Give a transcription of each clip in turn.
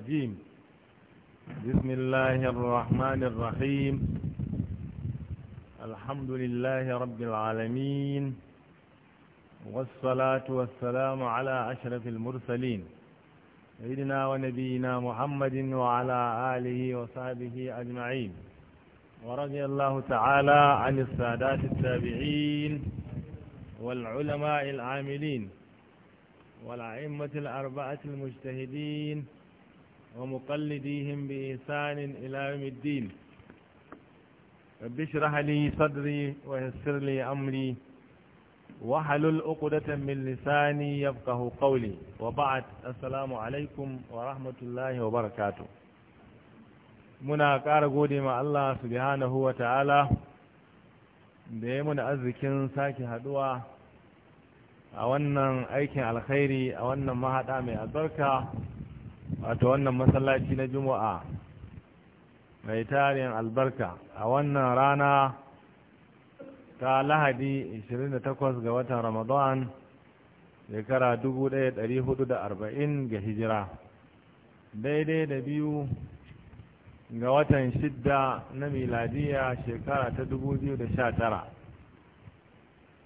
الرجيم بسم الله الرحمن الرحيم الحمد لله رب العالمين والصلاة والسلام على أشرف المرسلين سيدنا ونبينا محمد وعلى آله وصحبه أجمعين ورضي الله تعالى عن السادات التابعين والعلماء العاملين والأئمة الأربعة المجتهدين ومقلديهم بإحسان إلى يوم الدين رب اشرح لي صدري ويسر لي أمري وحلل عقدة من لساني يفقه قولي وبعد السلام عليكم ورحمة الله وبركاته muna ƙara gode ma Allah subhanahu wa ta'ala da ya muna arzikin sake haɗuwa a wannan aikin alkhairi a wannan mahaɗa mai albarka wato wannan masallaci na juma'a mai tarihin albarka a wannan rana ta lahadi 28 ga watan ramadan shekara 1440 ga hijira daidai da biyu ga watan shidda na miladiya shekara ta 2019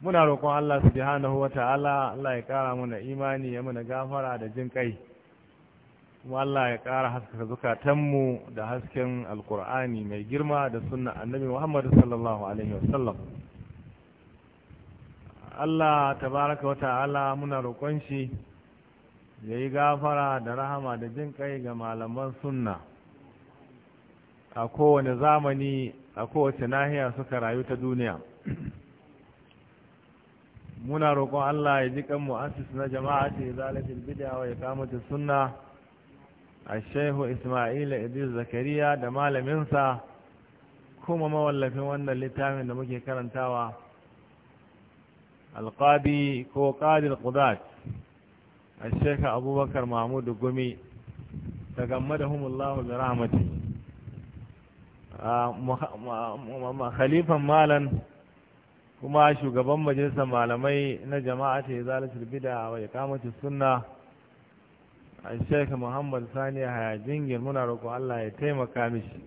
muna roƙon Allah subhanahu wa ta'ala Allah ya ƙara mana imani ya mana gafara da jin kai kuma Allah ya ƙara haskaka mu da hasken alkur'ani mai girma da sunna annabi Muhammad sallallahu alaihi wasallam Allah tabaraka wa ta'ala muna roƙon shi ya yi gafara da rahama da jin kai ga malaman sunna a kowane zamani a kowace nahiya suka rayu ta duniya muna roƙon Allah ya ji kan mu'assis na jama'a ce zalafin bid'a wa kamata sunna. Ashehu shehu ismaila idris zakariya da malaminsa kuma mawallafin wannan littafin da muke karantawa alƙadi ko ƙadir ƙudat a sheka abubakar Mahmud gumi ta gamme da humullahu da rahmati khalifan malan kuma shugaban majalisar malamai na jama'a ce zalatul bida wa iqamati sunna a muhammad sani a hayajin muna roƙo allah ya taimaka mishi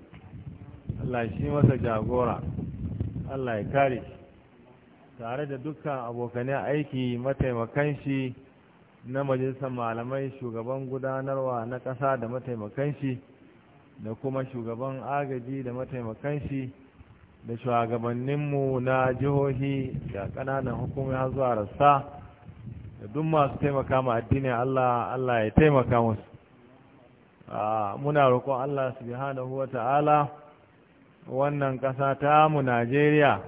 allah shi masa jagora allah ya kare tare da dukkan abokanai aiki mataimakan shi na majalisar malamai shugaban gudanarwa na ƙasa da mataimakan shi da kuma shugaban agaji da mataimakan shi da shugabanninmu na jihohi da ƙananan hukumar zuwa rassa da duk masu taimaka ma addinin Allah Allah ya taimaka musu muna roƙon Allah subhanahu wa ta'ala wannan ƙasa ta mu Najeriya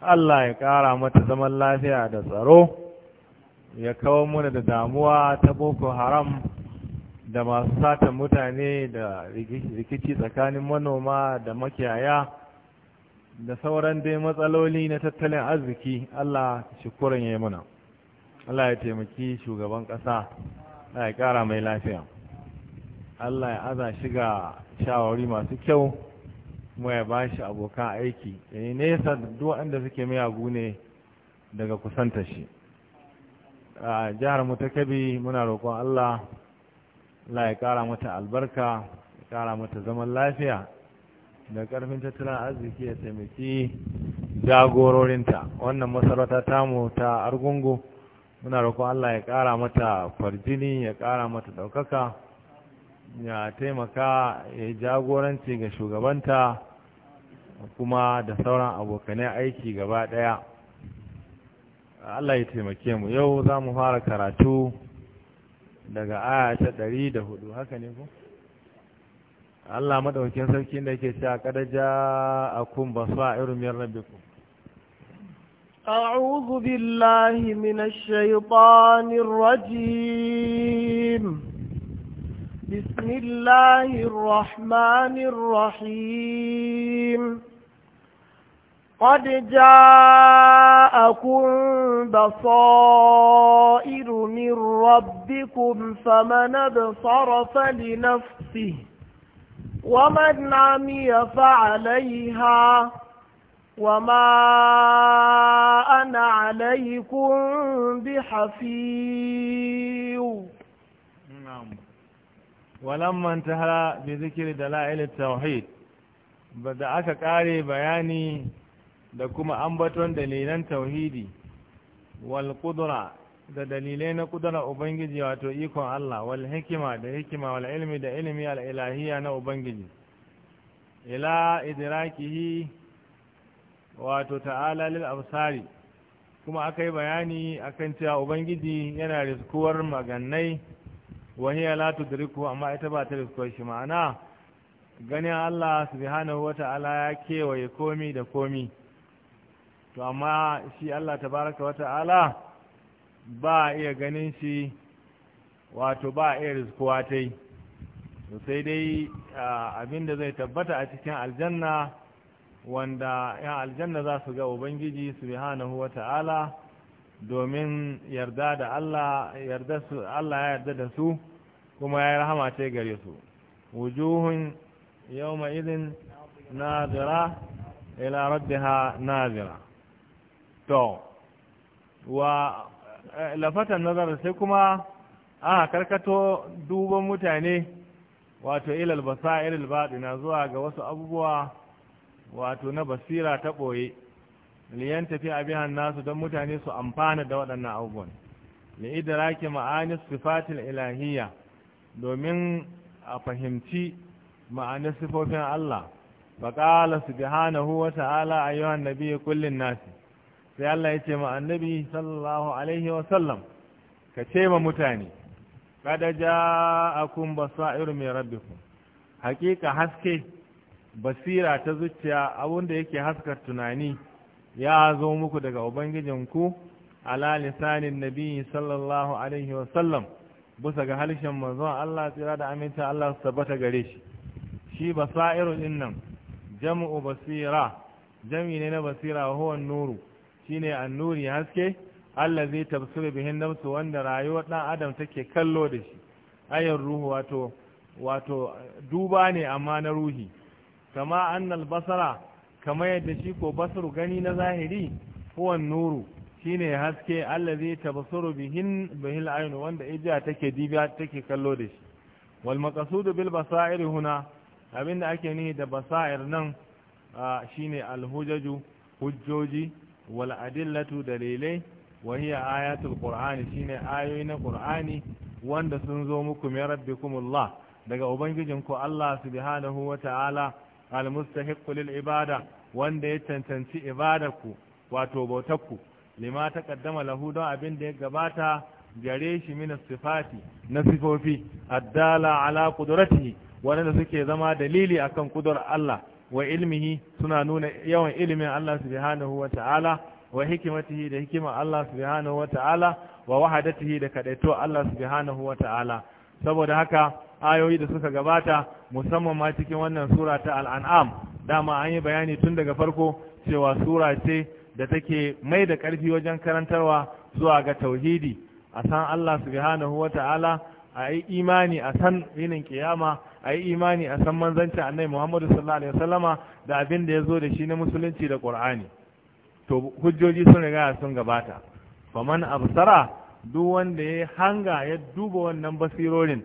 Allah ya ƙara mata zaman lafiya da tsaro ya kawo muna da damuwa ta boko haram da masu satan mutane da rikici tsakanin manoma da makiyaya da sauran dai matsaloli na tattalin arziki Allah shi kurin ya yi muna. Allah ya taimaki shugaban ƙasa Allah ya ƙara mai lafiya Allah ya aza shiga shawari masu kyau kuma ya bashi abokan aiki ya nesa duk wanda suke miyagu ne daga kusanta shi a jihar mu ta kabi muna roƙon Allah Allah ya ƙara mata albarka ya ƙara mata zaman lafiya da ƙarfin tattalin arziki ya taimaki jagororinta wannan masarauta tamu ta argungu muna roƙon Allah ya ƙara mata farjini ya ƙara mata ɗaukaka ya taimaka ya jagoranci ga shugabanta kuma da sauran abokanai aiki gaba ɗaya Allah ya taimake mu yau za mu fara karatu daga aya ta ɗari da hudu haka ne ku? Allah maɗaukin sarki da ke cewa kada ja a kun basu a irin yin rabbi ku أعوذ بالله من الشيطان الرجيم بسم الله الرحمن الرحيم قد جاءكم بصائر من ربكم فمن ابصر فلنفسه ومن عمي فعليها وما أنا عليكم بحفيظ نعم ولما انتهى بذكر دلائل التوحيد بدأك قاري بياني دكما أنبتون دليلا توحيدي والقدرة da dalilai na kudura Ubangiji wato ikon Allah wal hikima da hikima wal ilmi da ilmi al na Ubangiji ila idrakihi wato ta'ala lil absari kuma aka yi bayani akan cewa ubangiji yana riskuwar magannai wahiya da tudriku amma ita ba ta riskuwar shi ma'ana ganin Allah subhanahu wata'ala ya kewaye komi da komi to amma shi Allah tabaraka wata'ala ba iya ganin shi wato ba iya riskuwa tai sai dai abinda zai tabbata a cikin aljanna wanda ya aljanna za su ga ubangiji subhanahu ta'ala, domin yarda da Allah yarda su Allah ya yarda da su kuma ya rahama ce gare su wujuhun yawma idin nazira ila rabbiha nazira to wa eh, lafatan nazar sai kuma a karkato duban mutane wato ilal basairil na zuwa ga wasu abubuwa wato na basira ta ɓoye liyan tafi abihan nasu don mutane su amfana da waɗannan abubuwan li'idaraki ma'anis sifatin ilahiyya domin a fahimci ma'anar sifofin Allah faƙala subhanahu wa ta'ala ayyuhan nabiyyu kullin nasi sai Allah ya ce ma annabi sallallahu alaihi wa sallam ka ce ma mutane kada ja'akum basairu min rabbikum haƙiƙa haske basira ta zuciya da yake haskar tunani ya zo muku daga ubangijinku ala lisanin Nabiyyu sallallahu alaihi wasallam bisa ga halishin manzon Allah tsira da aminta Allah su tabbata gare shi shi basairu din nan jam'u basira jami ne na basira huwa nuru shine annuri haske allazi tafsiru bihin nafsu wanda rayuwar dan adam take kallo da shi ayar ruhu wato wato duba ne amma na ruhi kama annal basara kama yadda shi ko basaru gani na zahiri huwan nuru shine haske allazi tabasuru bihin bihil wanda ijiya take dibiya take kallo da shi wal maqsud bil basair huna abinda ake nihi da basair nan shine al hujjoji wal adillatu dalilai wa hiya ayatul qur'ani shine ayoyi na ƙur'ani wanda sun zo muku min rabbikumullah daga ubangijinku Allah subhanahu wa ta'ala almustahiqqu lil ibada wanda ya cancanci ibadarku wato bautarku lima taqaddama lahu don abin da ya gabata gare shi min sifati na sifofi addala ala qudratihi wanda suke zama dalili akan kudur Allah wa ilmihi suna nuna yawan ilimin Allah subhanahu wa ta'ala wa hikimatihi da hikima Allah subhanahu wa ta'ala wa wahadatihi da kadaito Allah subhanahu wa ta'ala saboda haka ayoyi da suka gabata musamman ma cikin wannan sura ta al'an'am dama an yi bayani tun daga farko cewa sura ce da take mai da ƙarfi wajen karantarwa zuwa ga tauhidi a san Allah subhanahu wa ta'ala a yi imani a san yinin kiyama a yi imani a san manzancin annai muhammadu sallallahu alaihi wasallama da abin da ya zo da shi na musulunci da ƙur'ani to hujjoji sun riga sun gabata faman absara duk wanda ya hanga ya duba wannan basirorin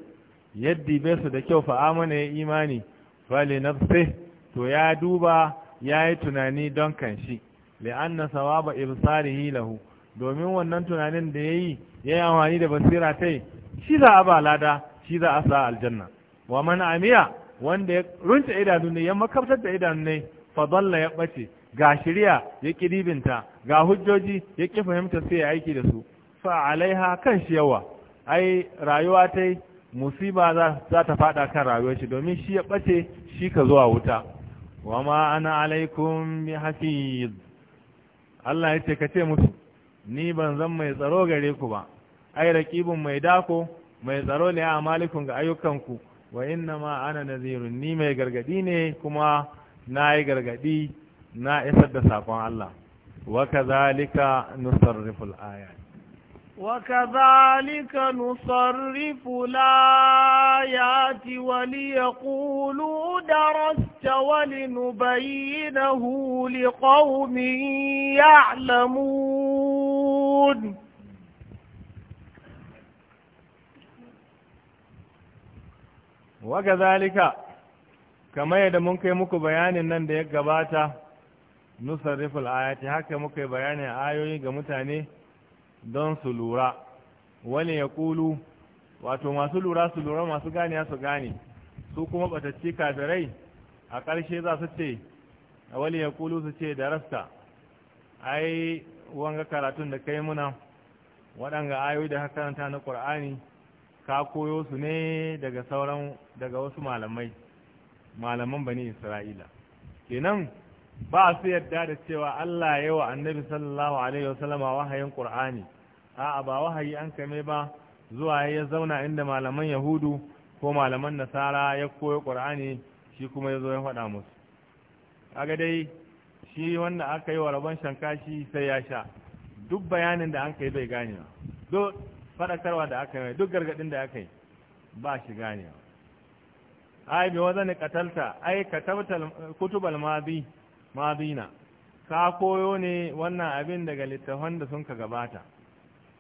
yaddi bai su da kyau fa'amana ya imani fali fi to ya duba ya yi tunani don kanshi li'anna sawaba ibsarihi lahu domin wannan tunanin da ya yi ya yi amfani da basira yi shi za a ba lada shi za a sa aljanna wa man amiya wanda ya runta idanu ne ya makabtar da idanu ne fa dalla ya ɓace ga shirya ya kiribinta ga hujjoji ya ki fahimta sai ya aiki da su fa alaiha kan shi yawa ai rayuwa tai musiba za ta fada kan rayuwar shi domin shi ya bace shi ka zuwa wuta wa ma ana alaikum bi hafiz Allah ya ce ka ce musu ni ban zan mai tsaro gare ku ba ai raqibun mai dako mai tsaro ne a malikun ga ayyukanku wa inna ma ana nazirun ni mai gargadi ne kuma na yi gargadi na isar da sakon Allah wa kazalika nusarriful ayat وكذلك نصرف الآيات وليقولوا درست ولنبينه لقوم يعلمون وكذلك كما يدمون كيمك بيان نندي قباتا نصرف الآيات هكذا مك بيان آيوين كمتاني don su lura wani ya kulu wato masu lura su lura masu gane su gane su kuma batacci kafirai a ƙarshe za su ce wani ya kulu su ce da rasta ai wanga karatun da kai muna waɗanga ayoyi da hakaranta na ƙur'ani ka koyo su ne daga sauran daga wasu malamai malaman bani isra'ila kenan ba su yadda da cewa allah ya yi wa annabi sallallahu alaihi wasallama wahayin ƙur'ani a'a ba wahayi an kame ba zuwa ya zauna inda malaman yahudu ko malaman nasara ya koyo ƙur'ani shi kuma ya zo ya faɗa musu kaga dai shi wanda aka yi wa rabon shankashi sai ya sha duk bayanin da an kai bai gane ba, duk faɗakarwa da aka yi duk gargaɗin da aka yi ba shi gane ba ai bi wazani katalta ai katabtal kutubal madi madina ka koyo ne wannan abin daga littafan da sun ka gabata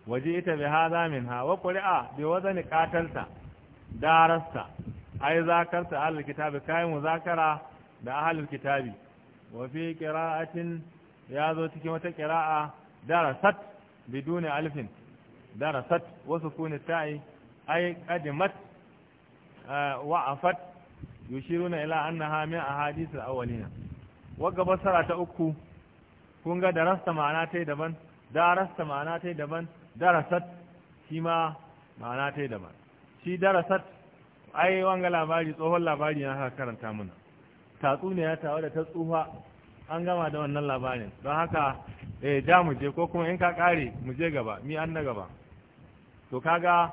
waje ita bi haza min ha wa qur'a bi wazani qatalta darasta ai zakarta ahlul kitabi kai muzakara da ahlul kitabi wa fi qira'atin ya zo cikin wata qira'a darasat biduni alfin darasat wa sukun ta'i ai qadimat wa afat yushiruna ila annaha min ahadith al wa gaba sara ta uku kun ga darasta ma'ana tai daban darasta ma'ana tai daban darasat shi ma ma'ana ta yi daban shi darasat ai wanga labari tsohon labari na haka karanta muna tatsuniya tawo da ta tsufa an gama da wannan labarin don haka da eh, ja mu je ko kuma in ka kare mu je gaba mi an na gaba to kaga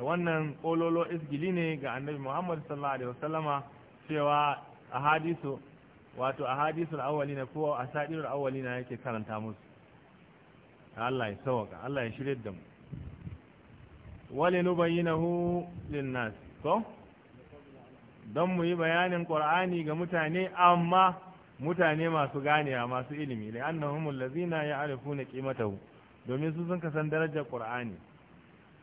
wannan kololo isgili ne ga annabi Muhammad sallallahu alaihi wasallama cewa hadisu wato kowa a ko al'awali na yake karanta musu Allah ya sauka Allah ya shirye da mu wali nubayyinahu linnas to don mu yi bayanin qur'ani ga mutane amma mutane masu ganewa masu ilimi la'annahum allazina ya'rifuna qimatahu domin su sun kasan darajar qur'ani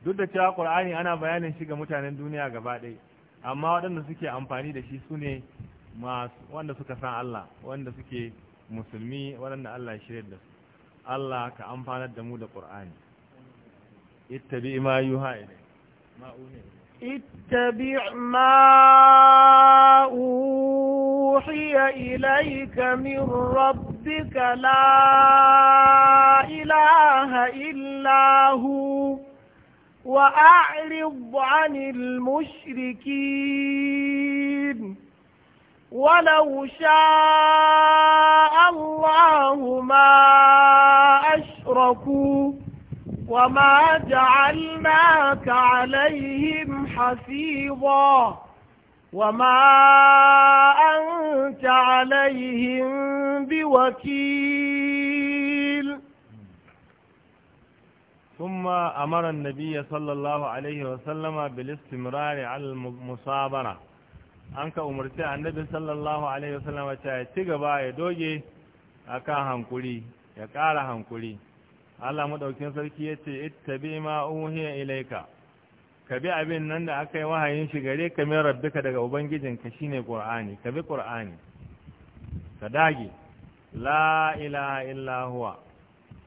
duk da cewa qur'ani ana bayanin shi ga mutanen duniya gaba ɗaya amma waɗanda suke amfani da shi su ne wanda suka san Allah wanda suke musulmi waɗanda Allah ya shirya da su Allah ka amfanar da mu اتبع ما ittabi ma yuha ilai اتبع ما أوحي إليك من ربك لا إله إلا هو وأعرض عن المشركين ولو شاء الله ما أشركوا وما جعلناك عليهم حفيظا وما أنت عليهم بوكيل ثم أمر النبي صلى الله عليه وسلم بالاستمرار على المصابرة an ka umarci annabi sallallahu alaihi wasallam ta ya ci gaba ya doge a kan hankuri ya ƙara hankuri Allah maɗaukin sarki yace ittabi ma uhiya ilaika ka bi abin nan da aka yi wahayin shi gare ka mai rabbika daga ubangijinka shine qur'ani ka bi qur'ani ka dage la ilaha illa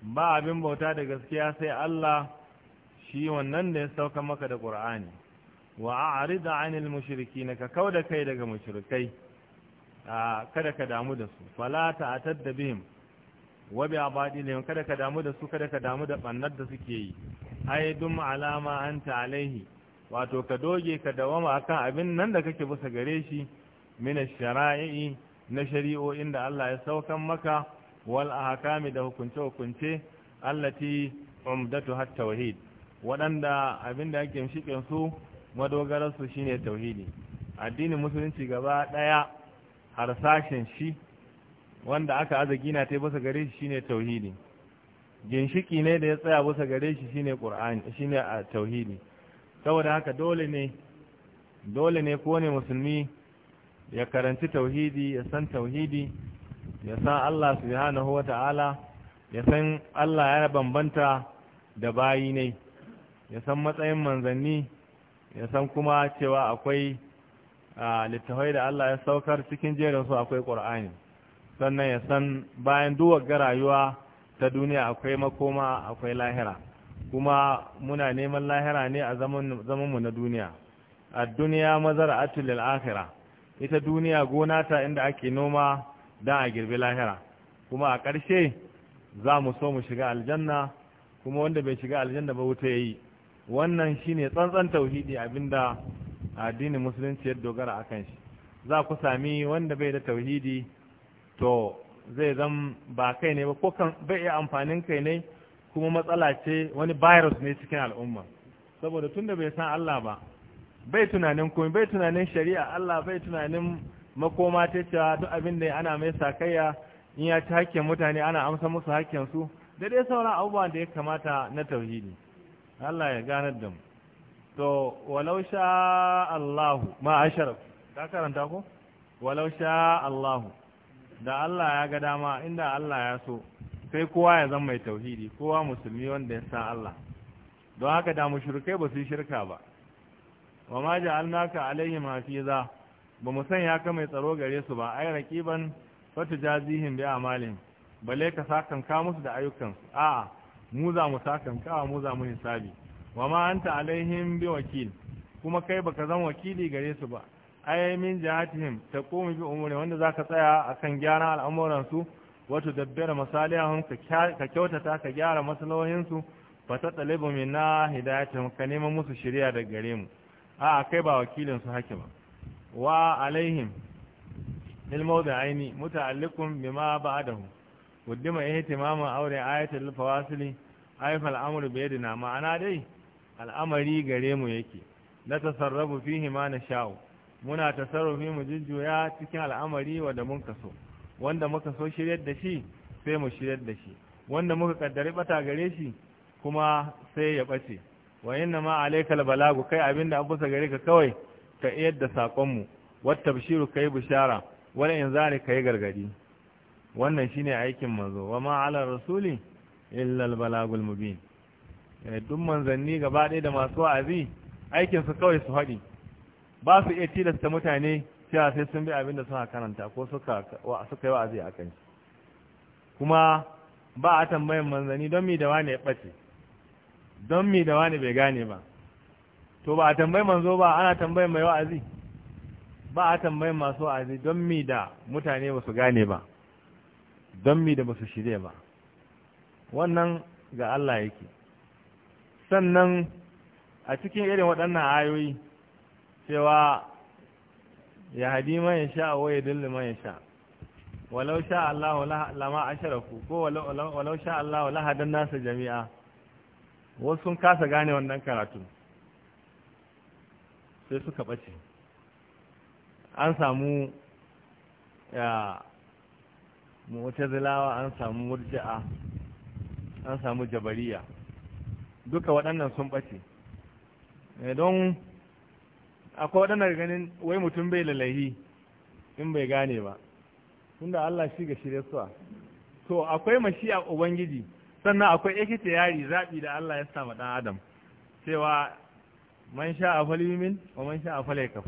ba abin bauta da gaskiya sai Allah shi wannan da ya sauka maka da qur'ani wa a'rid 'anil mushrikeen ka kauda kai daga mushrikai kada ka damu da su fala ta'tad bihim wa bi abadilihim kada ka damu da su kada ka damu da bannar da suke yi ai dum alama anta alaihi wato ka doge ka dawama kan abin nan da kake bisa gare shi min sharai na shari'o'in da Allah ya saukan maka wal ahkami da hukunce hukunce allati umdatu hat tauhid waɗanda abin da ake shikin su madogararsu shine tauhidi addinin musulunci gaba daya harsashin shi wanda aka aza gina ta bisa gare shi shine tauhidi ginshiki ne da ya tsaya bisa gare shi shine qur'ani shine tauhidi saboda haka dole ne dole ne ko ne musulmi ya karanci tauhidi ya san tauhidi ya san Allah subhanahu wata'ala ya san Allah ya bambanta da bayi ne ya san matsayin manzanni ya san kuma cewa akwai littafai da Allah ya saukar cikin jerin akwai ƙur'ani sannan ya san bayan duwagga rayuwa ta duniya akwai makoma akwai lahira kuma muna neman lahira ne a zamanmu na duniya a duniya mazara atulil akira ita duniya gona ta inda ake noma don a girbi lahira kuma a ƙarshe za mu so mu shiga aljanna kuma wanda bai shiga aljanna ba wuta ya yi wannan shine tsantsan tauhidi abinda addinin musulunci ya dogara a kan shi za ku sami wanda bai da tauhidi to zai zan ba kai ne ba ko kan bai iya amfanin kai ne kuma matsala ce wani virus ne cikin al'umma saboda tunda bai san Allah ba bai tunanin komai bai tunanin shari'a Allah bai tunanin makoma ta cewa duk abin da ana mai sakayya in ya ci hakkin mutane ana amsa musu hakkin su da dai sauran abubuwan da ya kamata na tauhidi Allah ya ganar da mu to walau sha Allahu ma asharaf ka karanta ko walau sha Allahu da Allah ya ga dama inda Allah ya so sai kowa ya zama mai tauhidi kowa musulmi wanda ya sa Allah don haka da mushrikai ba su yi shirka ba wa ma ja'alnaka alaihim hafiza ba mu sanya ka mai tsaro gare su ba ai raqiban fatujazihim bi amalin balle ka sakan ka musu da ayyukan a'a mu za mu kawa mu za mu hisabi wa ma anta alaihim bi wakil kuma kai baka zama wakili gare su ba ay min ta taqumu bi umuri wanda zaka tsaya akan gyaran al'amuran su wato tudabbira masalihum ka kyautata ka gyara masalohin su fa tatalibu minna hidayatahum ka nema musu shari'a da gare mu a kai ba wakilin su hake ba wa alaihim lil mawdi'aini muta'alliqun bima ba'dahu guddima ihtimamin aure ayatul fawasili ayfa al'amru bi yadina ma'ana dai al'amari gare mu yake na tasarrafu fihi ma nasha'u muna tasarrufi mu jujjuya cikin al'amari wanda mun kaso wanda muka so shiryar da shi sai mu shiryar da shi wanda muka kaddari bata gare shi kuma sai ya bace wa inna ma alaikal balagu kai abinda an busa gare ka kawai ka iyar da sakon mu wat tabshiru kai bishara wala inzari kai gargadi wannan shine aikin manzo wa ma ala rasuli illa albalagul balagul mubin eh, duk manzanni gaba ɗaya da masu wa'azi aikin su kawai su haɗi ba su iya tilasta mutane cewa sai sun bi abin da suka karanta ko suka suka yi wa'azi akan shi kuma ba a tambayin manzanni don mi da wani ya ɓace don mi da wani bai gane ba to ba a tambayi manzo ba ana tambayin mai wa'azi ba a tambayin masu wa'azi don mi da mutane ba su gane ba don mi da ba su shirya ba wannan ga Allah yake sannan a cikin irin waɗannan ayoyi cewa ya hadi man ya sha wa ya dalli man ya sha walau sha Allah lama ku ko walau sha Allah lahadan nasa jami'a wasu sun kasa gane wannan karatu sai suka ɓace an samu ya wata zilawa an samu murji'a an samu jabariya duka waɗannan sun ɓace eh, don akwai waɗannan ganin wai mutum bai lalahi in bai gane ba tunda Allah shi ga shirye suwa to akwai a ubangiji sannan akwai ikita yari zaɓi da Allah ya sama ɗan adam cewa man sha a falimin wa man sha a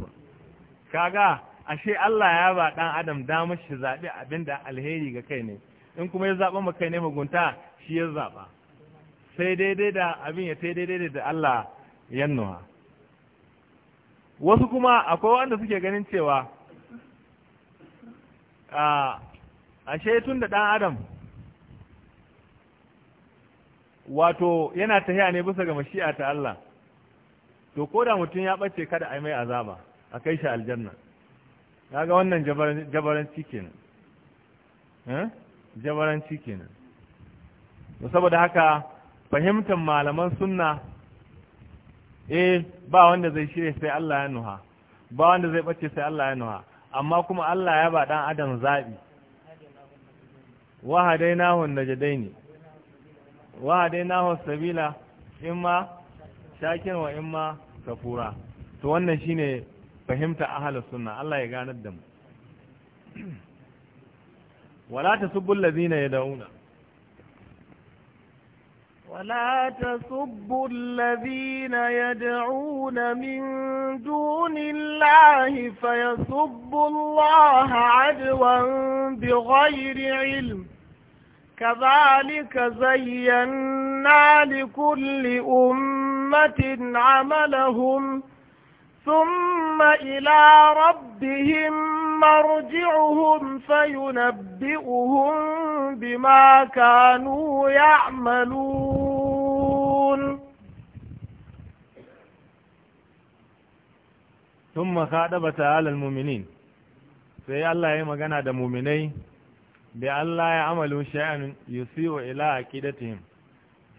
kaga ashe Allah ya ba ɗan adam damar shi zaɓi abinda alheri ga kai ne in kuma ya zaɓa maka ne mugunta shi ya zaɓa sai daidai da abin ya daidai da Allah ya nuna wasu kuma akwai wanda suke ganin cewa ashe tun da ɗan adam wato yana tahiya ne bisa ga mashi'a ta Allah to koda mutum ya ɓace kada a yi mai azaba a kai shi aljanna kaga wannan jabaranci kenan eh? jabaranci kenan to saboda haka fahimtar malaman sunna eh ba wanda zai shirye sai Allah ya nuha ba wanda zai bace sai Allah ya nuha amma kuma Allah ya ba dan adam zabi wahadainahu najdaini wahadainahu sabila imma shakin wa imma kafura to wannan shine فهمت أهل السنة الله ya الدم ولا تسبوا الذين يدعون ولا تسبوا الذين يدعون من دون الله فيسبوا الله عدوا بغير علم كذلك زينا لكل أمة عملهم ثم إلى ربهم مرجعهم فينبئهم بما كانوا يعملون ثم خاطب تعالى المؤمنين sai Allah ya yi magana da muminai da Allah ya amalu sha'an yusiu ila aqidatihim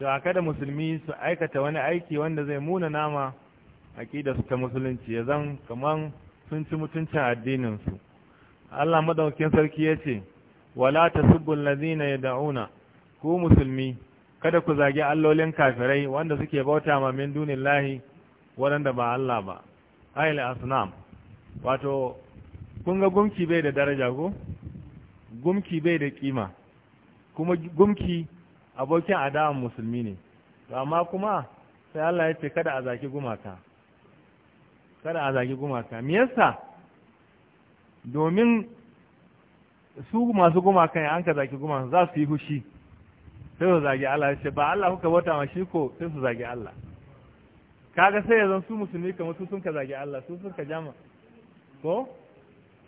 to kada musulmi su aikata wani aiki wanda zai muna nama aƙida su ta musulunci ya zan kaman sun ci mutuncin addininsu Allah madaukakin sarki ya ce wala tasubbul ya yad'una ku musulmi kada ku zagi allolin kafirai wanda suke bauta ma min dunillahi waɗanda ba Allah ba ayil asnam wato kun ga gumki bai da daraja ko gumki bai da kima kuma gumki abokin adawan musulmi ne amma kuma sai Allah ya ce kada a zaki gumaka kada a zagi gumaka me yasa domin su masu gumaka an ka zagi gumaka za su yi hushi sai su zagi Allah sai ba Allah kuka bauta ma shi ko sai su zagi Allah kaga sai yanzu su musulmi kamar su sun ka zagi Allah su sun ka jama ko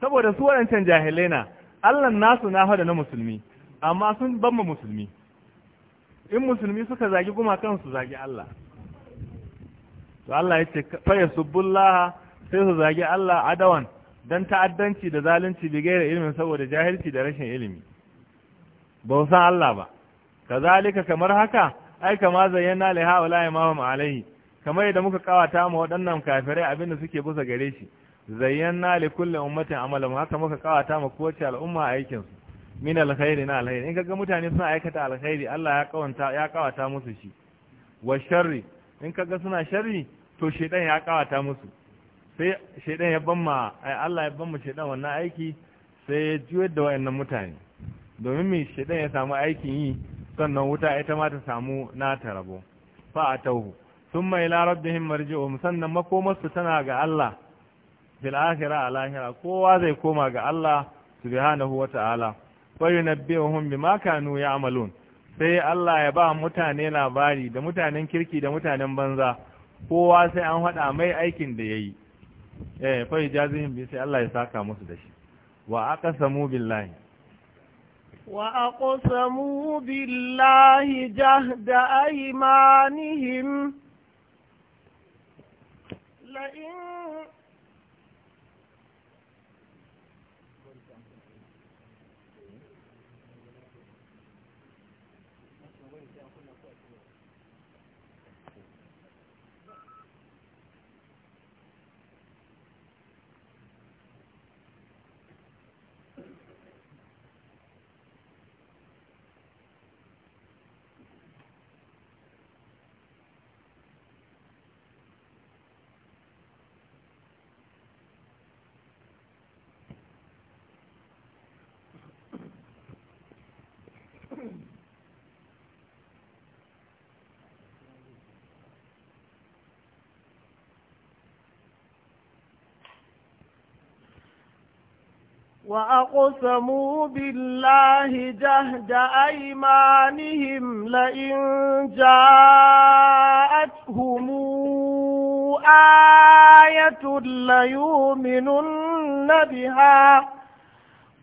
saboda su waɗancan jahilai na Allah nasu na hada na musulmi amma sun bamba musulmi in musulmi suka zagi gumakan su zagi Allah to Allah ya ce faya subbullaha sai su zagi Allah adawan dan ta'addanci da zalunci bi gaira ilimin saboda jahilci da rashin ilimi ba san Allah ba kazalika kamar haka ai kama zayyana li haula imamum alaihi kamar yadda muka kawata ma waɗannan kafirai abinda suke busa gare shi zayyana li kulli ummatin amalan haka muka kawata ma kowace al'umma aikin su min alkhairi na alkhairi in kaga mutane suna aikata alkhairi Allah ya kawanta ya kawata musu shi wa sharri in kaga suna sharri to shedan ya kawata musu sai shedan ya ai Allah ya banma shedan wannan aiki sai ya juyar da wayannan mutane domin me shedan ya samu aikin yi sannan wuta ita ma ta samu nata rabo fa a tauhu, thumma ila rabbihim marji'uhum sannan makomarsu tana ga Allah bil akhirah al akhirah kowa zai koma ga Allah subhanahu wata'ala wa yunabbihum bima kanu ya'malun sai Allah ya ba mutane labari da mutanen kirki da mutanen banza kowa sai an haɗa mai aikin da yayi yi eh fa ijazihin bi sai Allah ya saka musu da shi wa aqsamu billahi wa aqsamu billahi jahda aymanihim la in وأقسموا بالله جهد أيمانهم لئن جاءتهم آية ليؤمنن بها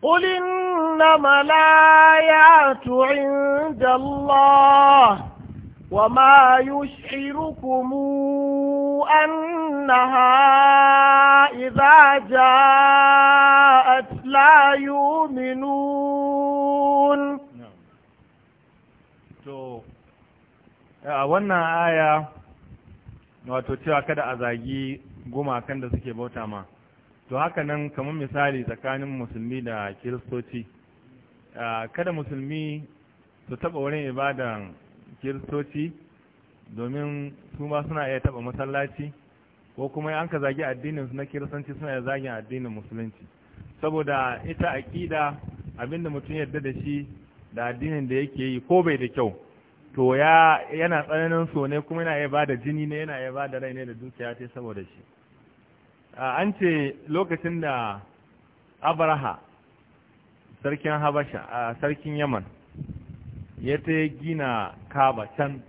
قل إنما الآيات عند الله وما يشعركم أنها إذا جاءت لا يؤمنون wannan aya wato cewa kada a zagi gumakan da suke bauta ma to haka nan kamar misali tsakanin musulmi da kiristoci kada musulmi su taba wurin ibadan kiristoci domin su ma suna iya taba masallaci ko kuma an ka zagi addinin su na kiristanci suna iya zagin addinin musulunci saboda ita aƙida abinda mutum yadda da shi da addinin da yake yi ko bai da kyau to ya yana tsananin so ne kuma yana iya bada jini ne yana iya bada rai ne da dukiya ce saboda shi an ce lokacin da abraha sarkin habasha sarkin yaman ya ta gina kaba can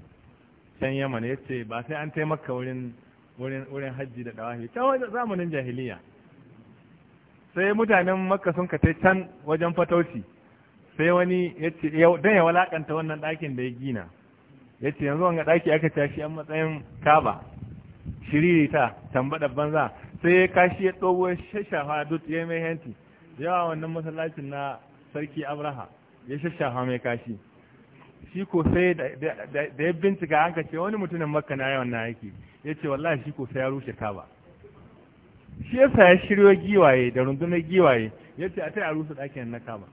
can yaman ya ce ba sai an taimaka wurin hajji da dawahi ta wajen zamanin jahiliya sai mutanen makka sun ka can wajen fatauci sai wani ya ce don ya walakanta wannan ɗakin da ya gina ya ce yanzu wanga ɗaki aka tashi an matsayin kaba shiriri ta banza sai ya kashi ya ɗogo shashafa duk ya mai henti yawa wannan masallacin na sarki abraha ya shashafa mai kashi shi ko sai da ya bincika an ce wani mutumin makka na yawan na yake ya ce wallahi shi ko sai ya rushe kaba shi yasa ya shiryo giwaye da rundunar giwaye ya ce a ta a rusa ɗakin na kaba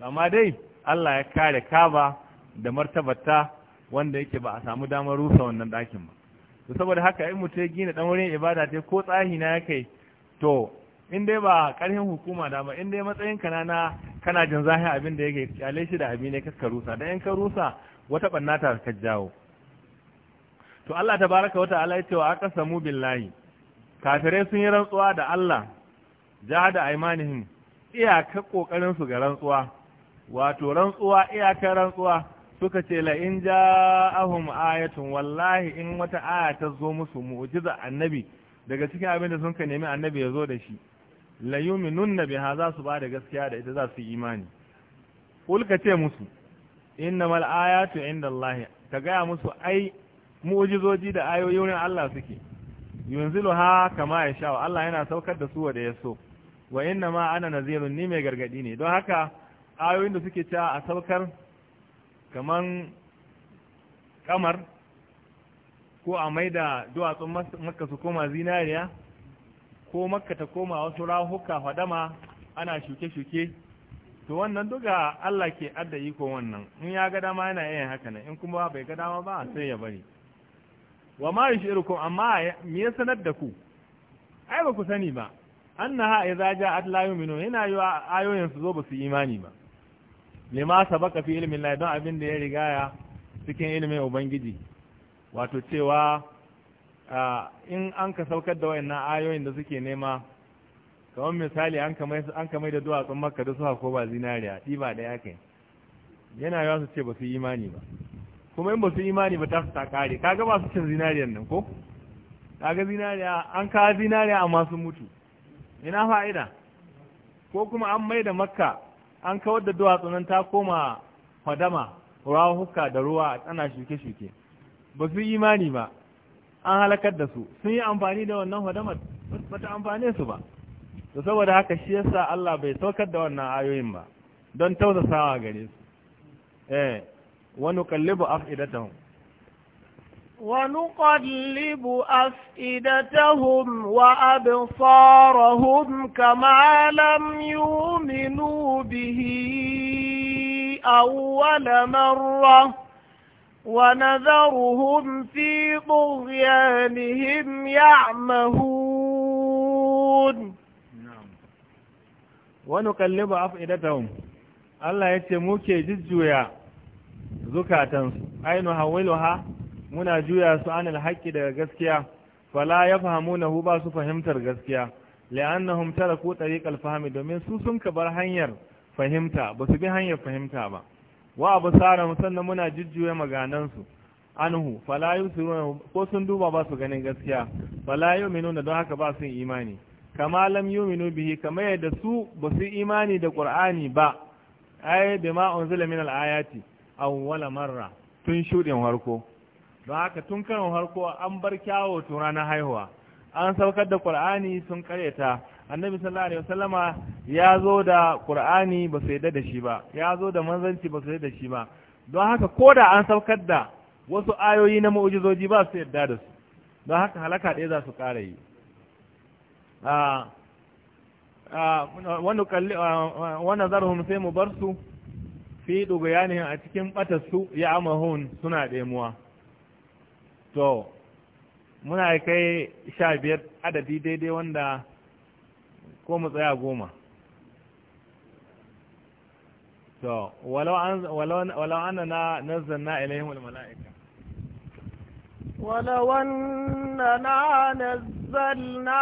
amma dai Allah ya kare kaba da martabata wanda yake ba a samu damar rusa wannan ɗakin ba to saboda haka in mutum ya gina dan wurin ibada ta ko tsahi na ya kai to in dai ba karhin hukuma da ba in dai matsayin ka na kana jin zahi abin da yake kyale shi da abin ne ka rusa dan in ka rusa wata bannata ka jawo to Allah tabaraka wa ta'ala yace wa aqsamu billahi Kafire sun yi rantsuwa da Allah jahada aymanihim iyaka kokarin su ga rantsuwa wato rantsuwa iyaka rantsuwa suka ce la in ja'ahum ayatun wallahi in wata aya ta zo musu mu'jiza annabi daga cikin abin da sun ka nemi annabi ya zo da shi la yu'minunna biha za su ba da gaskiya da ita za su yi imani ulka ce musu innamal ayatu indallahi ka gaya musu ai mu'jizoji da wurin Allah suke ha kama ya sha Allah yana saukar da su wa da ya so wa inna ma ana nazirun ni mai gargadi ne don haka ayoyin da suke ta a saukar kaman kamar ko a maida duwatsun maka su koma zinariya ko makka ta koma wasu rahuka fadama ana shuke-shuke to wannan duka Allah ke adda iko wannan in ya ga dama yana yin haka ne in kuma bai ga dama ba sai ya bari wa ma yushirukum amma me ya sanar da ku ai ba ku sani ba annaha idza ja'at la yu'minu yana yiwa ayoyin su zo ba su imani ba ma sabaka fi ilmin la don abin da ya rigaya cikin ilimin ubangiji wato cewa in an ka saukar da wayannan ayoyin da suke nema kamar misali an ka mai da duwatsun makka da suka ko ba zinariya ɗiba da yake yana yawa su ce ba su imani ba kuma in ba su imani ba ta su takare kaga ba su cin zinariyan nan ko kaga zinariya an kawo zinariya amma sun mutu ina fa'ida ko kuma an mai da makka an kawar da duwatsu nan ta koma fadama hukka da ruwa tsana shuke-shuke ba su imani ba an halakar da su sun yi amfani da wannan hadamar bata amfane su ba to saboda haka shi yasa Allah bai saukar da wannan ayoyin ba don tausasawa gare su eh wa nuqallibu afidatahum wa nuqallibu afidatahum wa absarahum kama lam yu'minu bihi awwala marrah ونذرهم في طغيانهم يعمهون ونقلب أفئدتهم Allah ya ce muke jujjuya zukatansu ainu hawiluha muna juya su anil haƙƙi daga gaskiya fala ya fahimunahu ba su fahimtar gaskiya tara ko tariqal fahmi domin su sun ka bar hanyar fahimta ba su bi hanyar fahimta ba wa abu tsara sannan muna jujjuya maganansu anhu su ko sun duba ba su ganin gaskiya minu da don haka ba su imani kama lam minu bihi kama yadda su ba su imani da ƙur'ani ba ay bima unzila min al-ayati wala marra tun shuɗin harko don haka tun karin harko an bar kyawo tun ranar haihuwa an saukar da ƙur'ani sun karyata annabi sallallahu alaihi wasallama ya zo da qur'ani ba su yadda da shi ba ya zo da manzanci ba su yadda da shi ba don haka ko da an saukar da wasu ayoyi na mu'jizoji ba su yadda da su don haka halaka ɗaya za su ƙara yi wannan zarhum sai mu bar su fi ɗugayanin a cikin su ya amahun suna ɗemuwa to muna kai sha biyar adadi daidai wanda ko mu tsaya goma to walau an walau annana nazzalna ilaihim almalaika ولو أننا نزلنا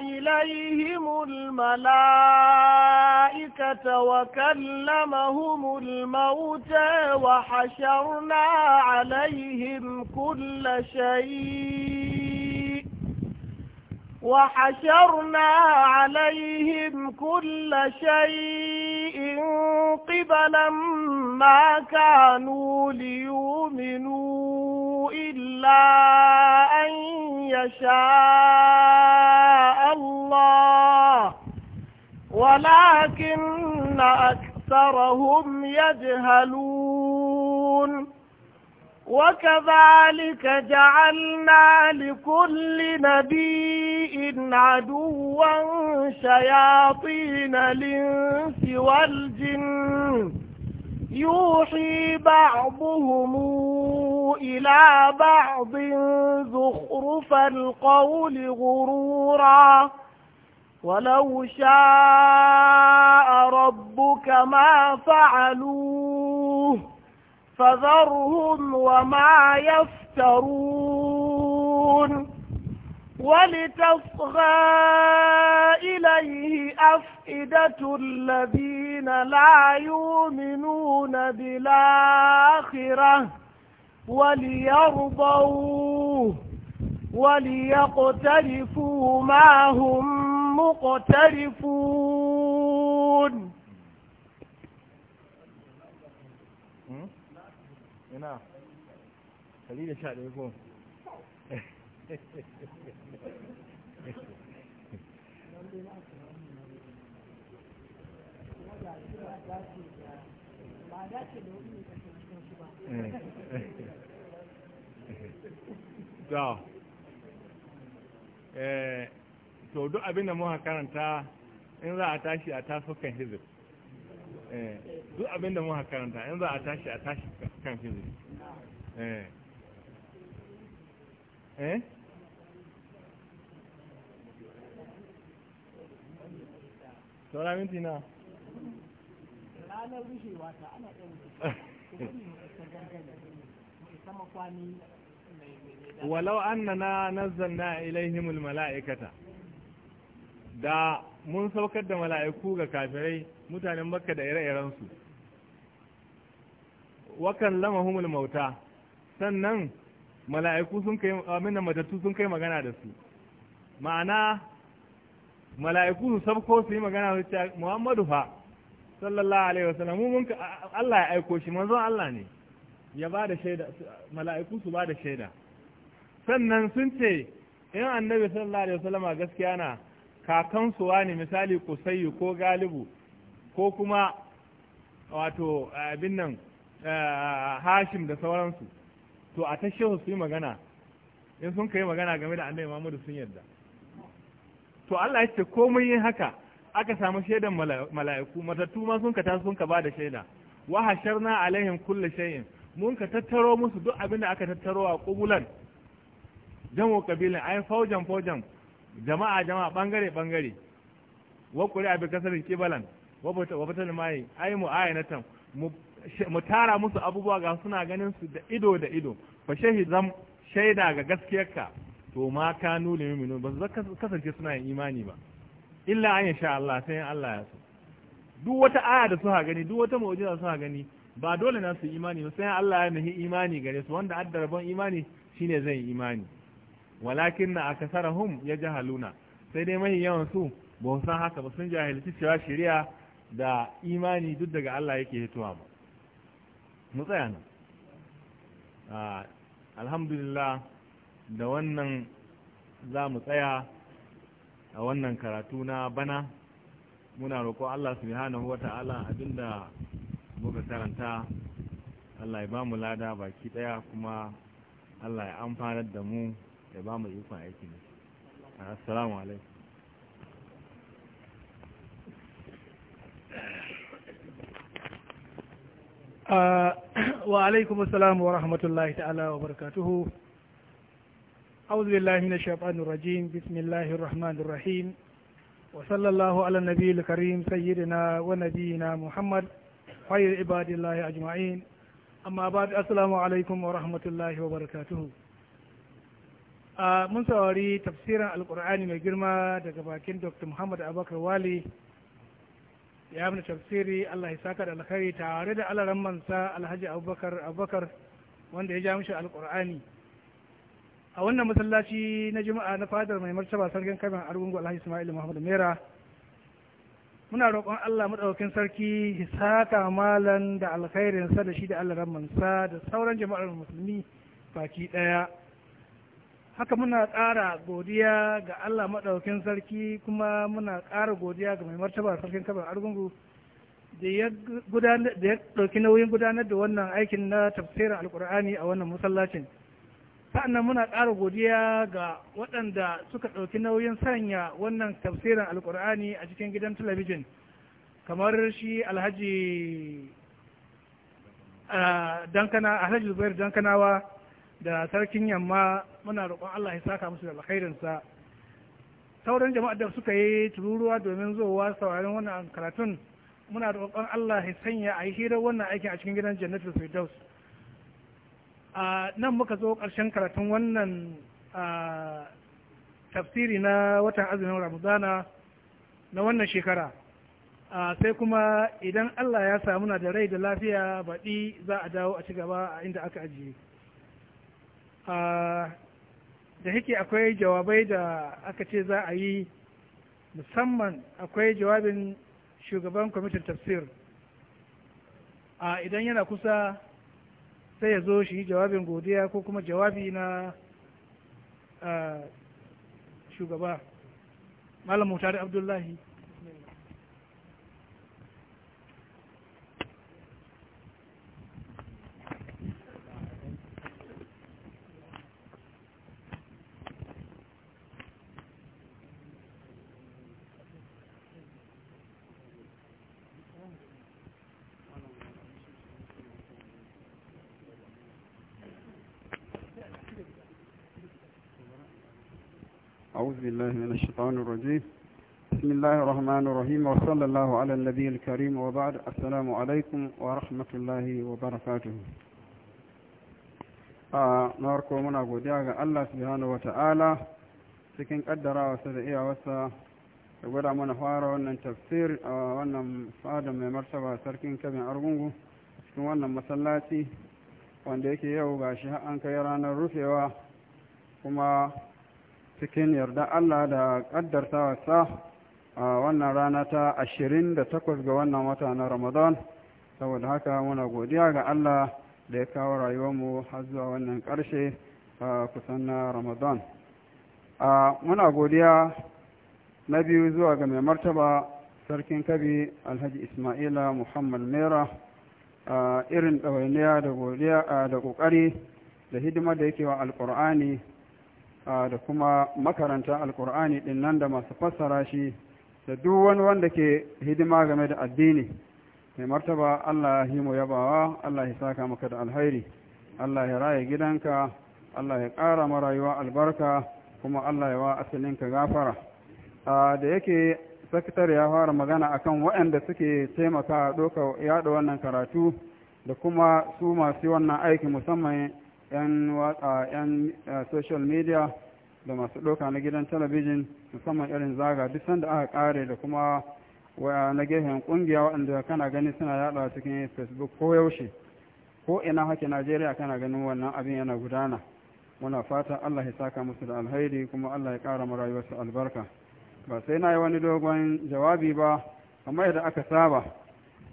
إليهم الملائكة وكلمهم الموتى وحشرنا عليهم كل شيء وحشرنا عليهم كل شيء قبلا ما كانوا ليؤمنوا إلا أن يشاء الله ولكن أكثرهم يجهلون وكذلك جعلنا لكل نبي عدوا شياطين الإنس والجن يوحي بعضهم إلى بعض زخرف القول غرورا ولو شاء ربك ما فعلوه فذرهم وما يفترون ولتصغى إليه أفئدة الذين لا يؤمنون بالآخرة وليرضوا وليقترفوا ما هم مقترفون ina kari da sha ɗaya ko to eh, to duk abinda muka karanta in za a tashi a tasokan hizib eh, duk abinda muka karanta in za a tashi a tashi akan fiziki eh eh saura na ranar rushewa ilaihimul mala'ikata da mun saukar da mala'iku ga kafirai mutanen baka da ire-irensu wa al mauta sannan mala'iku sun kai amina matattu sun kai magana da su ma'ana mala'iku su sabko su yi magana su Muhammadu fa sallallahu alaihi wasallam mun Allah ya aiko shi manzon Allah ne ya ba da shaida mala'iku su ba da shaida sannan sun ce in annabi sallallahu alaihi wasallam gaskiya na kakan su wani misali ko Sayyu ko galibu ko kuma wato abin nan hashim da sauransu to a ta shehu su yi magana in sun ka yi magana game da annabi muhammadu sun yarda to allah ya ce komai yin haka aka samu shaidan mala'iku matattu ma sun ka ta sun ka ba da shaida wa hasharna alaihim kullu shay'in mun ka tattaro musu duk abin da aka tattaro a kubulan jamo kabilan ai faujan faujan jama'a jama'a bangare bangare wa qur'a bi kasarin kibalan wa batal mai ai mu mu mu tara musu abubuwa ga suna ganin su da ido da ido fa shahidam shaida ga gaskiyarka to ma kanu liminu ba su kasance suna yin imani ba illa an sha Allah sai Allah ya so duk wata aya da suka gani duk wata mu'jiza suka gani ba dole na su imani ba sai Allah ya nahi imani gare su wanda addarban imani shine zai imani walakin na akasarahum yajhaluna sai dai mai yawan su ba san haka ba sun jahilci cewa shari'a da imani duk daga Allah yake hitowa ba mu tsaya nan alhamdulillah da wannan za mu tsaya a wannan karatu na bana muna roƙo Allah subhanahu abin da muka karanta Allah ya ba mu lada baki ɗaya kuma Allah ya amfanar da mu ya ba mu ikon aiki ne assalamu alaikum wa alaikum assalamu wa rahmatullahi ta'ala wa barakatuhu auzubillahi minash shaitanir rajim rahim wa sallallahu ala wa muhammad amma alaikum wa rahmatullahi wa barakatuhu mun saurari tafsirin alqur'ani mai girma daga bakin dr muhammad abakar wali ya abin tafsiri Allah ya saka da alkhairi tare da alaran mansa alhaji abubakar abubakar wanda ya ja mishi alkur'ani a wannan masallaci na juma'a na fadar mai martaba sarkin kabin argungu alhaji ismail muhammad mera muna roƙon Allah maɗaukin sarki saka malan da alkhairinsa da shi da alaran ramansa da sauran jama'ar musulmi baki ɗaya haka muna ƙara godiya ga Allah maɗaukin sarki kuma muna ƙara godiya ga mai martaba sarkin kabar argungu da ya ɗauki nauyin gudanar da wannan aikin na tafsirin alkur'ani a wannan masallacin sa'annan muna ƙara godiya ga waɗanda suka ɗauki nauyin sanya wannan tafsirin alkur'ani a cikin gidan talabijin kamar shi alhaji ah, dankana alhaji zubair dankanawa da sarkin yamma muna roƙon Allah ya saka musu da alkhairinsa sauran jama'a da suka yi tururuwa domin zowa sauraron wannan karatun muna roƙon Allah ya sanya a yi hirar wannan aikin a cikin gidan jannatul firdaus a nan muka zo ƙarshen karatun wannan tafsiri na watan azumin ramadana na wannan shekara sai kuma idan Allah ya samu na da rai da lafiya baɗi za a dawo a ci gaba a inda aka ajiye da yake akwai jawabai da aka ce za a yi musamman akwai jawabin shugaban kwamitin tafsir a idan yana kusa sai ya zo shi jawabin godiya ko kuma jawabi na shugaba malam mutari abdullahi أعوذ بالله من الشيطان الرجيم بسم الله الرحمن الرحيم وصلى الله على النبي الكريم وبعد السلام عليكم ورحمة الله وبركاته a mawarko muna godiya ga Allah subhanahu wa ta'ala cikin kaddara wasu da iyawarsa da gwada mana fara wannan tafsir a wannan fada mai martaba sarkin kabin argungu cikin wannan masallaci wanda yake yau ga shi an kai ranar rufewa kuma cikin yarda Allah da ƙaddarta wasa a wannan rana ta ashirin da takwas ga wannan wata na Ramadan saboda haka muna godiya ga Allah da ya kawo rayuwar mu har zuwa wannan ƙarshe kusan na Ramadan a muna godiya na biyu zuwa ga mai martaba sarkin kabi alhaji Ismaila Muhammad Mera irin ɗawainiya da godiya da ƙoƙari da hidimar da yake wa alƙur'ani da kuma makaranta alkur'ani din nan da masu fassara shi da duk wani wanda ke hidima game da addini mai martaba Allah ya himo yabawa Allah ya saka maka da alhairi Allah ya raya gidanka Allah ya ƙara marayuwa albarka kuma Allah ya wa ka gafara da yake sakitar ya fara magana a kan waɗanda suke taimaka doka yaɗa wannan karatu da kuma su masu wannan aikin musamman 'yan eh, social media da masu ɗauka na gidan talabijin musamman irin zaga duk sanda aka ƙare da kuma na gehen ƙungiya waɗanda kana gani suna yaɗa cikin facebook ko yaushe ko ina hake najeriya kana ganin wannan abin yana gudana muna fata allah ya saka musu da alhairi kuma allah ya ƙara marayuwarsu albarka ba sai na yi wani dogon jawabi ba kamar yadda aka saba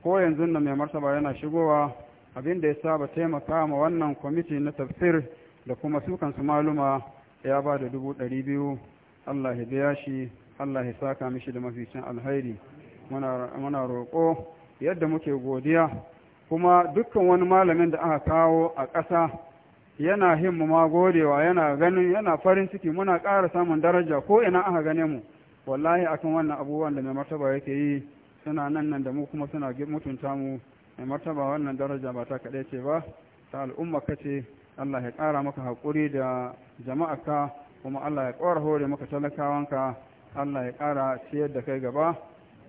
ko yanzu nan mai martaba yana shigowa abin da ya saba taimaka ma wannan kwamiti na tafsir da kuma su maluma ya ba da dubu ɗari biyu Allah ya biya shi Allah ya saka mishi da maficin alhairi muna roƙo yadda muke godiya kuma dukkan wani malamin da aka kawo a ƙasa yana himma ma godewa yana ganin yana farin ciki muna ƙara samun daraja ko ina aka gane mu wallahi akan wannan abubuwan da mai martaba yake yi suna nan nan da mu kuma suna mutunta mu mai martaba wannan daraja ba ta kaɗai ce ba ta al'umma ka ce Allah ya ƙara maka haƙuri da jama'aka kuma Allah ya ƙora hore maka talakawanka Allah ya ƙara ciyar da kai gaba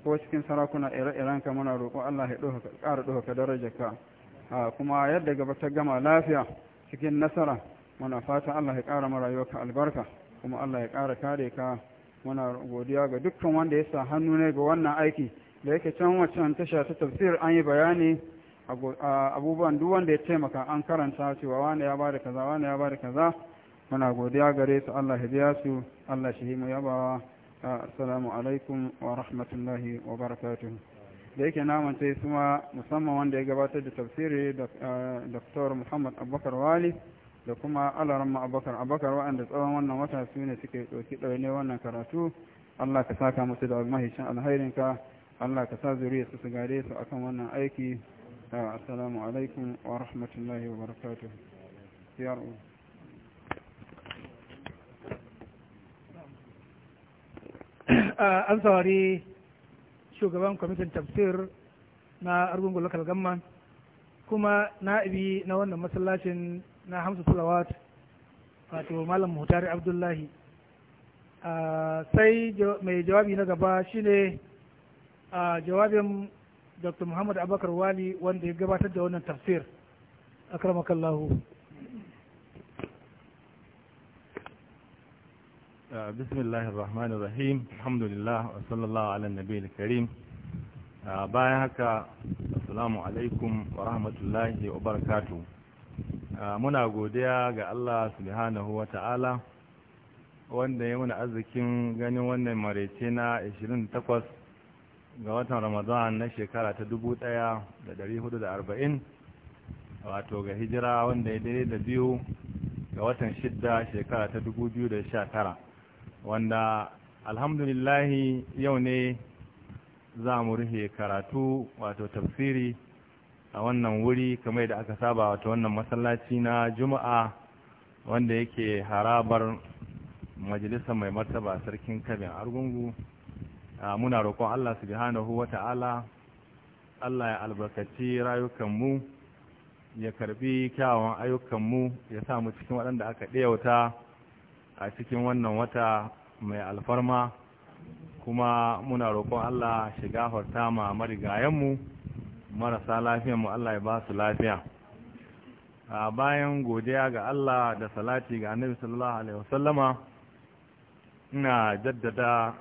ko cikin sarakuna ire ka muna roƙo Allah ya ƙara daraja darajarka kuma yadda gaba ta gama lafiya cikin nasara muna fata Allah ya ƙara yau ka albarka kuma Allah ya ƙara kare ka muna godiya ga dukkan wanda ya sa hannu ne ga wannan aiki da yake can waccan tasha ta tafsir an yi bayani abubuwan duk wanda ya taimaka an karanta cewa wani ya bada kaza wani ya bada kaza muna godiya gare su Allah ya biya su Allah shi himu ya bawa assalamu alaikum wa rahmatullahi wa barakatuh da yake namance sai ma musamman wanda ya gabatar da tafsiri Dr. Muhammad Abubakar Wali da kuma Alaramma Abubakar Abubakar waɗanda tsawon wannan wata su ne suke ɗauki ɗaune wannan karatu Allah ka saka musu da mahicin alhairinka Allah ka sa zuriya su gare su akan wannan aiki assalamu alaikum wa rahmatullahi wa barakatuh yaro an saurari shugaban kwamitin tafsir na argungun local government kuma na'ibi na wannan masallacin na hamsu salawat wato malam muhtari abdullahi sai mai jawabi na gaba shine a jawabin dr muhammad abakar wali wanda ya gabatar da wannan tafsir akramakallahu بسم الله الرحمن الرحيم الحمد لله وصلى الله على النبي الكريم bayan haka assalamu alaikum wa rahmatullahi wa barakatu uh, muna godiya ga Allah subhanahu wa ta'ala wanda ya muna arzikin ganin wannan marece na 28 ga watan ramadan na shekara ta dubu ɗaya wato ga hijira wanda ya dare da biyu ga watan shidda shekara ta dubu biyu da sha tara wanda alhamdulillahi yau ne za mu rufe karatu wato tafsiri a wannan wuri kamar da aka saba wato wannan masallaci na juma'a wanda yake harabar majalisa mai martaba sarkin kabin argungu Ah, muna roƙon Allah Su subhanahu wata'ala Allah ya albarkaci rayukanmu ya karbi kyawun ayyukanmu ya sa mu cikin waɗanda aka ɗayauta a cikin wannan wata mai alfarma kuma muna roƙon Allah shiga horta ma marigayenmu marasa lafiyanmu Allah ya ba su lafiya a bayan godiya ga Allah da salati ga annabi sallallahu alaihi wasallama ina jaddada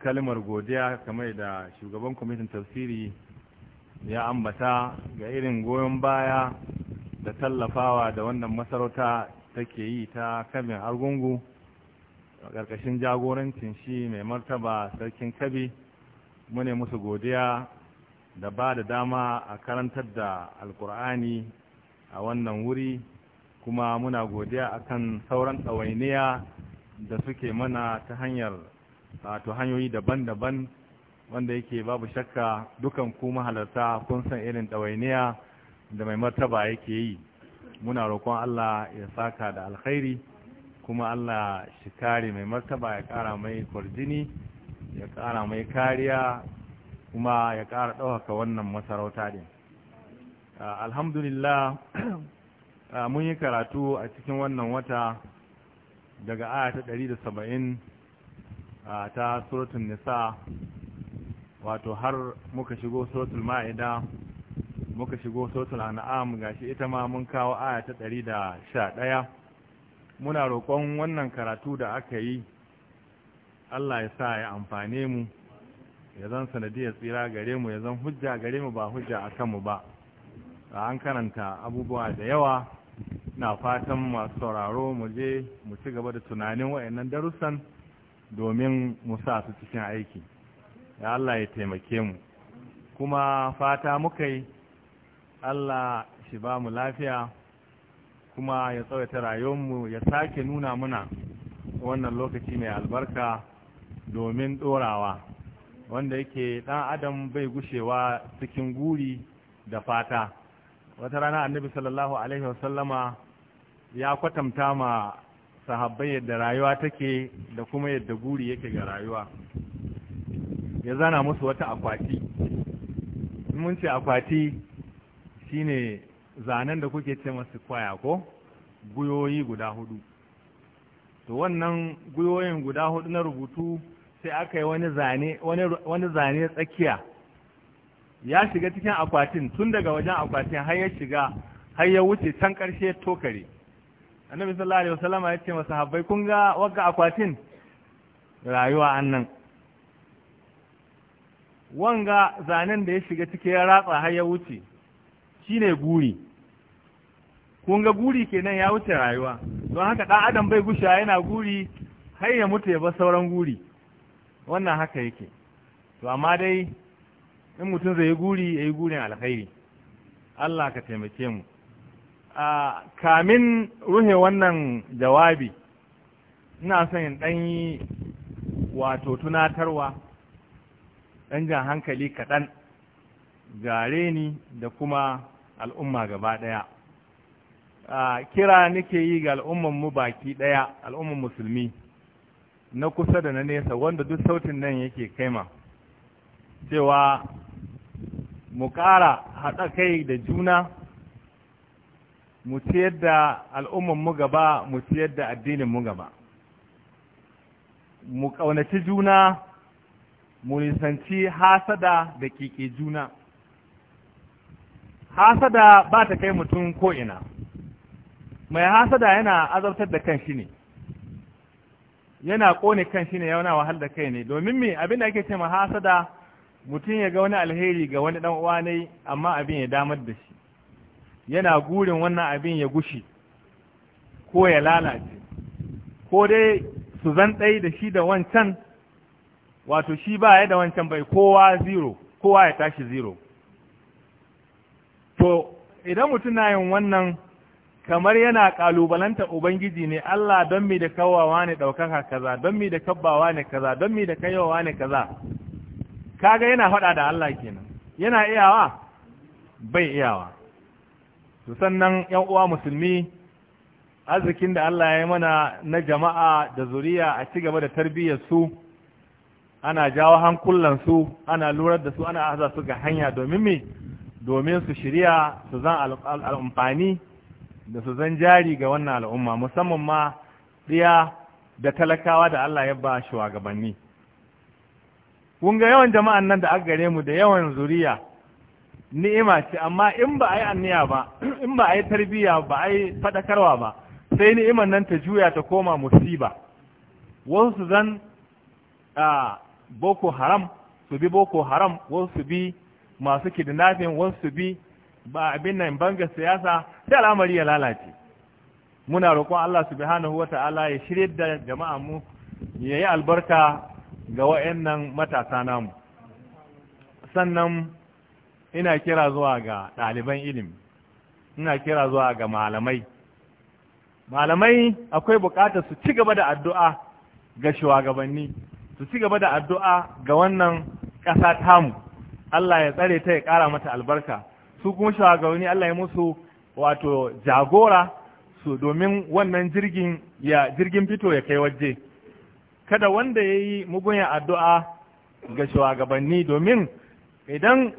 kalmar godiya kamar da shugaban kwamitin tafsiri ya ambata ga irin goyon baya da tallafawa da wannan masarauta take yi ta kabin argungu a ƙarƙashin jagorancin shi mai martaba sarkin kabi mune musu godiya da ba da dama a karantar da alkur'ani a wannan wuri kuma muna godiya akan sauran ɗawainiya da suke mana ta hanyar wato hanyoyi daban-daban wanda yake babu shakka dukan ku mahalarta kun san irin ɗawainiya da mai martaba yake yi muna roƙon Allah ya saka da alkhairi kuma Allah shi kare mai martaba ya ƙara mai kwarjini ya ƙara mai kariya kuma ya ƙara ɗaukaka wannan masarauta ɗin alhamdulillah mun yi karatu a cikin wannan wata daga aya ta ɗari da saba'in. ta suratun nisa wato har muka shigo suratul ma'ida muka shigo suratul an'am gashi ita ma mun kawo aya ta 111 muna roƙon wannan karatu da aka yi Allah ya sa ya amfane mu ya zan sanadiyar tsira gare mu ya zan hujja gare mu ba hujja a kanmu ba an karanta abubuwa da yawa na fatan masu sauraro mu je mu ci gaba da tunanin waɗannan darussan domin mu sa su cikin aiki ya Allah ya taimake mu kuma fata muka yi Allah shi ba mu lafiya kuma ya tsawaita mu ya sake nuna muna wannan lokaci mai albarka domin ɗorawa wanda yake ɗan adam bai gushewa cikin guri da fata wata rana annabi sallallahu alaihi wasallama ya kwatanta ma sahabbai yadda rayuwa take da kuma yadda guri yake ga rayuwa ya zana musu wata akwati mun ce akwati shine zanen da kuke ce masu kwaya ko guyoyi guda hudu to wannan guyoyin guda hudu na rubutu sai aka yi wani zane wani zane tsakiya ya shiga cikin akwatin tun daga wajen akwatin har ya shiga har ya wuce can karshe tokare annabi sallallahu alaihi wasallam ya ce habbai kun ga wanka akwatin rayuwa annan wanga zanen da ya shiga cike ya ratsa har ya wuce shine guri kun ga guri kenan ya wuce rayuwa don haka dan adam bai gusha yana guri har ya mutu ya bar sauran guri wannan haka yake to amma dai in mutum zai yi guri ya yi gurin alkhairi Allah ka taimake mu a kamin ruhe wannan jawabi ina son in ɗan yi wato tunatarwa ɗan jan hankali kaɗan gare ni da kuma al'umma gaba ɗaya kira nake yi ga al'umman mu baki ɗaya al'umman musulmi na kusa da na nesa wanda duk sautin nan yake kaima cewa mu ƙara haɗa kai da juna mu ciyar da mu gaba mu ciyar da mu gaba mu ƙaunaci juna mu nisanci hasada da ƙiƙe juna hasada ba ta kai mutum ko'ina mai hasada yana azabtar da kan shi ne yana ƙone kan shi ne yana wahal da kai ne domin me abin da ake ce ma hasada mutum ya ga wani alheri ga wani ɗan uwa ne amma abin ya damar da shi yana gurin wannan abin ya gushi ko ya lalace ko dai su zan dai da shi da wancan wato shi ba ya da wancan bai kowa zero kowa ya tashi zero to idan mutum na yin wannan kamar yana kalubalanta ubangiji ne Allah don mi da kawawa ne ɗaukaka kaza don mi da kabbawa ne kaza don mi da kayowa ne kaza kaga yana faɗa da Allah kenan yana iyawa bai iyawa su sannan yan uwa musulmi arzikin da Allah ya mana na jama'a da zuriya a ci gaba da tarbiyyar su ana jawo hankulan su ana lura da su ana aza su ga hanya domin me domin su shirya su zan al'amfani da su zan jari ga wannan al'umma musamman ma ɗiya da talakawa da Allah ya ba shugabanni kun ga yawan jama'an nan da aka gare mu da yawan zuriya ni'ima ce amma in ba a yi anniya ba in ba a yi tarbiyya ba a yi faɗakarwa ba sai ni'imar nan ta juya ta koma musiba wasu su zan a boko haram su bi boko haram wasu su bi masu kidnapping wasu su bi ba abin nan banga siyasa sai al'amari ya lalace muna roƙon Allah subhanahu wata'ala ya shirye da jama'a mu ya yi albarka ga wa'annan matasa namu sannan ina kira zuwa ga ɗaliban ilimi ina kira zuwa ga malamai malamai akwai buƙatar su ci gaba da addu'a ga shugabanni su ci gaba da addu'a ga wannan ƙasa tamu Allah ya tsare ta ya ƙara mata albarka su kuma shugabanni Allah ya musu wato jagora su domin wannan jirgin ya jirgin fito ya kai waje kada wanda ya yi mugunya addu'a ga shugabanni domin idan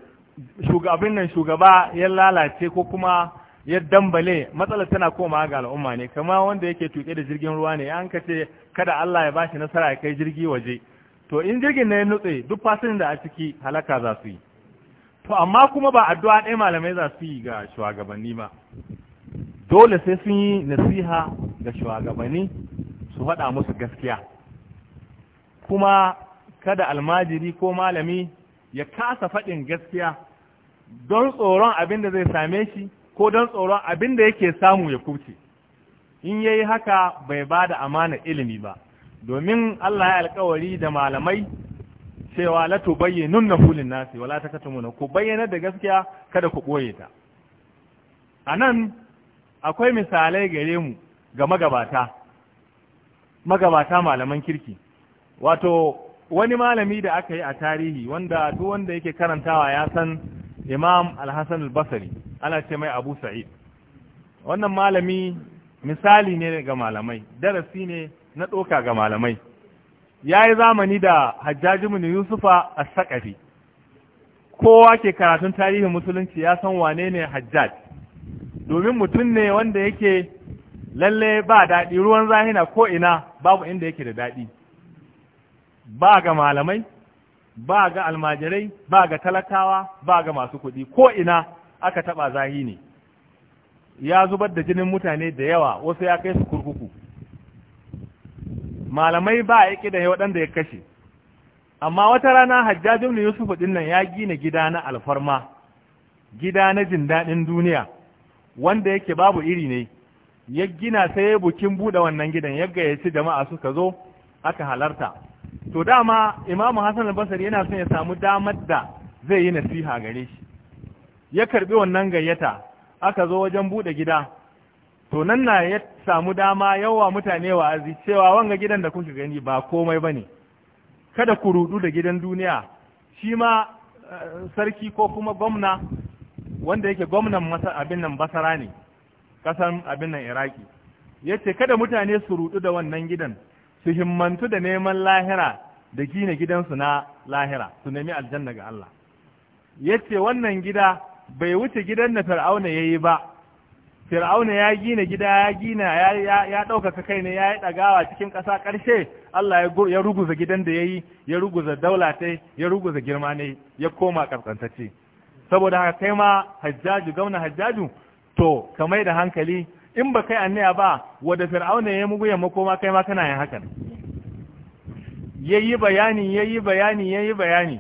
abin nan shugaba ya lalace ko kuma ya dambale matsalar tana koma ga al'umma ne kama wanda yake tuke da jirgin ruwa ne an ka ce kada Allah ya ba bashi nasara ya kai jirgi waje to in jirgin na ya nutse duk fasirin da a ciki halaka za su yi to amma kuma ba addu'a ɗaya malamai za su yi ga shugabanni ba dole sai sun yi nasiha ga shugabanni su faɗa musu gaskiya kuma kada almajiri ko malami ya kasa faɗin gaskiya don tsoron abin da zai same shi ko don tsoron abin da yake samu ya kuce in ya yi haka bai ba da amana ilimi ba domin Allah ya alkawari da malamai cewa la tu bayyinun na hulin nasi wala ta na, ku bayyana da gaskiya kada ku ɓoye ta a nan akwai misalai gare mu ga magabata magabata malaman kirki wato wani malami da aka yi a tarihi wanda duk wanda yake karantawa ya san imam alhassan albasari ana ce mai abu sa'id wannan malami misali ne ga malamai darasi ne na ɗoka ga malamai ya yi zamani da hajjaji mun yusufa a sakafi kowa ke karatun tarihin musulunci ya san wane ne hajjaj domin mutum ne wanda yake lalle ba daɗi ruwan zahina ko ina babu inda yake da daɗi ba ga malamai ba ga almajirai ba ga talakawa ba ga masu kuɗi ko ina aka taɓa zahi ne ya zubar da jinin mutane da yawa wasu ya kai su kurkuku malamai ba ya yake da ya waɗanda ya kashe amma wata rana hajjajin yusuf ɗin nan ya gina gida na alfarma gida na jin daɗin duniya wanda yake babu iri ne ya gina sai ya bukin buɗe wannan gidan ya gayyaci jama'a suka zo aka halarta to dama imamu hassan al yana son ya samu damar da zai yi nasiha gare shi ya karbi wannan gayyata aka zo wajen bude gida to nan na ya samu dama yawa mutane wa'azi cewa wanga gidan da kuka gani ba komai bane kada ku rudu da gidan duniya shi ma eh, sarki ko kuma gwamna wanda yake gwamnan abin nan basara ne kasan abin nan iraki yace kada mutane su rudu da wannan gidan su himmantu da neman lahira da gina gidansu na lahira su nemi aljanna ga Allah yace wannan gida bai wuce gidan da fir'auna yayi ba fir'auna ya gina gida ya gina ya ɗaukaka kai ne ya yi ɗagawa cikin ƙasa ƙarshe Allah ya ruguza gidan da yayi ya ruguza daula ta ya ruguza girma ne ya koma ƙasƙantacce saboda haka kai ma hajjaju gauna hajjaju to ka mai da hankali in ba kai annaya ba wadda fir'auna ya mugu ya makoma kai ma kana yin hakan yayi bayani yayi bayani yayi bayani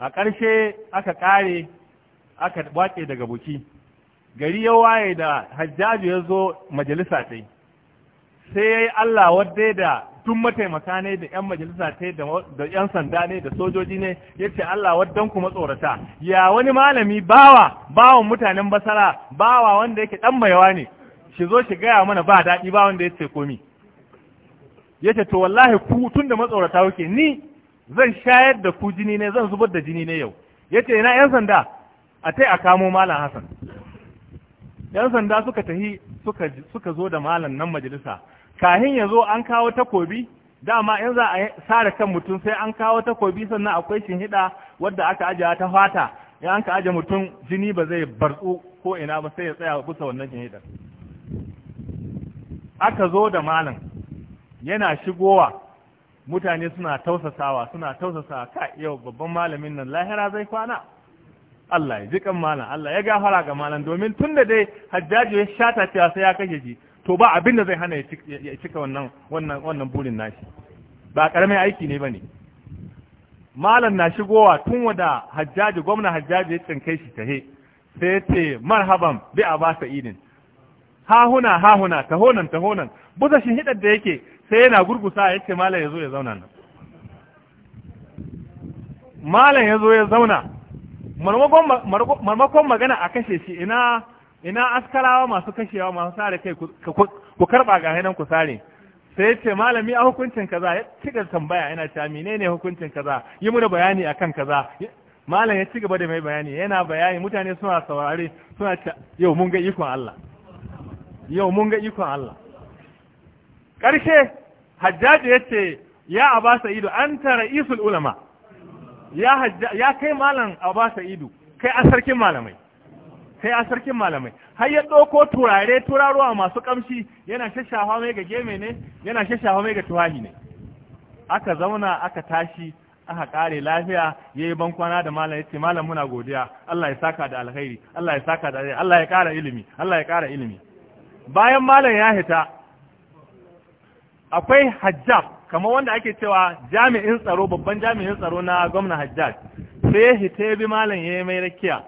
a ƙarshe aka ƙare aka wace daga buki gari ya waye da hajjaju ya zo majalisa sai sai yayi Allah wadda da tun mataimaka ne da 'yan majalisa ta da 'yan sanda ne da sojoji ne ya ce Allah waddan kuma tsorata ya wani malami bawa bawan mutanen basara bawa wanda yake dan maiwa ne shi zo shi gaya mana ba daɗi ba wanda ya ce komi ya ce to wallahi ku tun da matsorata kuke ni zan shayar da ku jini ne zan zubar da jini ne yau ya ce ina 'yan sanda a tai a kamo malam Hassan yan sanda suka tahi suka zo da malam nan majalisa kahin ya zo an kawo takobi dama in za a sare kan mutum sai an kawo takobi sannan akwai shinhiɗa wadda aka aje ta fata in an ka aje mutum jini ba zai bartsu ko ina ba sai ya tsaya kusa wannan shinhiɗar aka zo da malam yana shigowa mutane suna tausasawa suna tausasawa ka yau babban malamin nan lahira zai kwana Allah ya jikan malam Allah ya gafara ga malam domin tun da dai hajjaji ya shata cewa sai ya kashe shi to ba abin da zai hana ya cika wannan wannan wannan burin nashi ba karamin aiki ne bane malam na shigowa tun wada hajjaji gwamnati hajjaji ya tsinkai shi tahe sai ce marhaban bi a basa idin hahuna hahuna tahonan tahonan buza shi hidar da yake sai yana gurgusa ya ce malam ya zo ya zauna nan malam ya zo ya zauna marmakon magana a kashe shi ina ina askarawa masu kashewa masu sare kai ku karba ga hainan ku sare sai ce malami a hukuncin kaza ya ci gaba tambaya yana cewa menene hukuncin kaza yi muna bayani akan kaza malam ya ci gaba da mai bayani yana bayani mutane suna saurare suna ce yau mun ga ikon Allah yau mun ga ikon Allah karshe hajjaji ya ce ya abasa ido an tara isul ulama ya kai malam abasa ido kai an sarkin malamai sai a sarkin malamai har ya ɗauko turare turaruwa masu ƙamshi yana shashafa mai ga geme ne yana shashafa mai ga tuwahi ne aka zauna aka tashi aka kare lafiya ya yi bankwana da malam ya ce malam muna godiya Allah ya saka da alkhairi Allah ya saka da Allah ya kara ilimi Allah ya kara ilimi bayan malam ya hita akwai hajjab kamar wanda ake cewa jami'in tsaro babban jami'in tsaro na gwamna hajjaj sai ya hita ya bi malam ya yi mai rakiya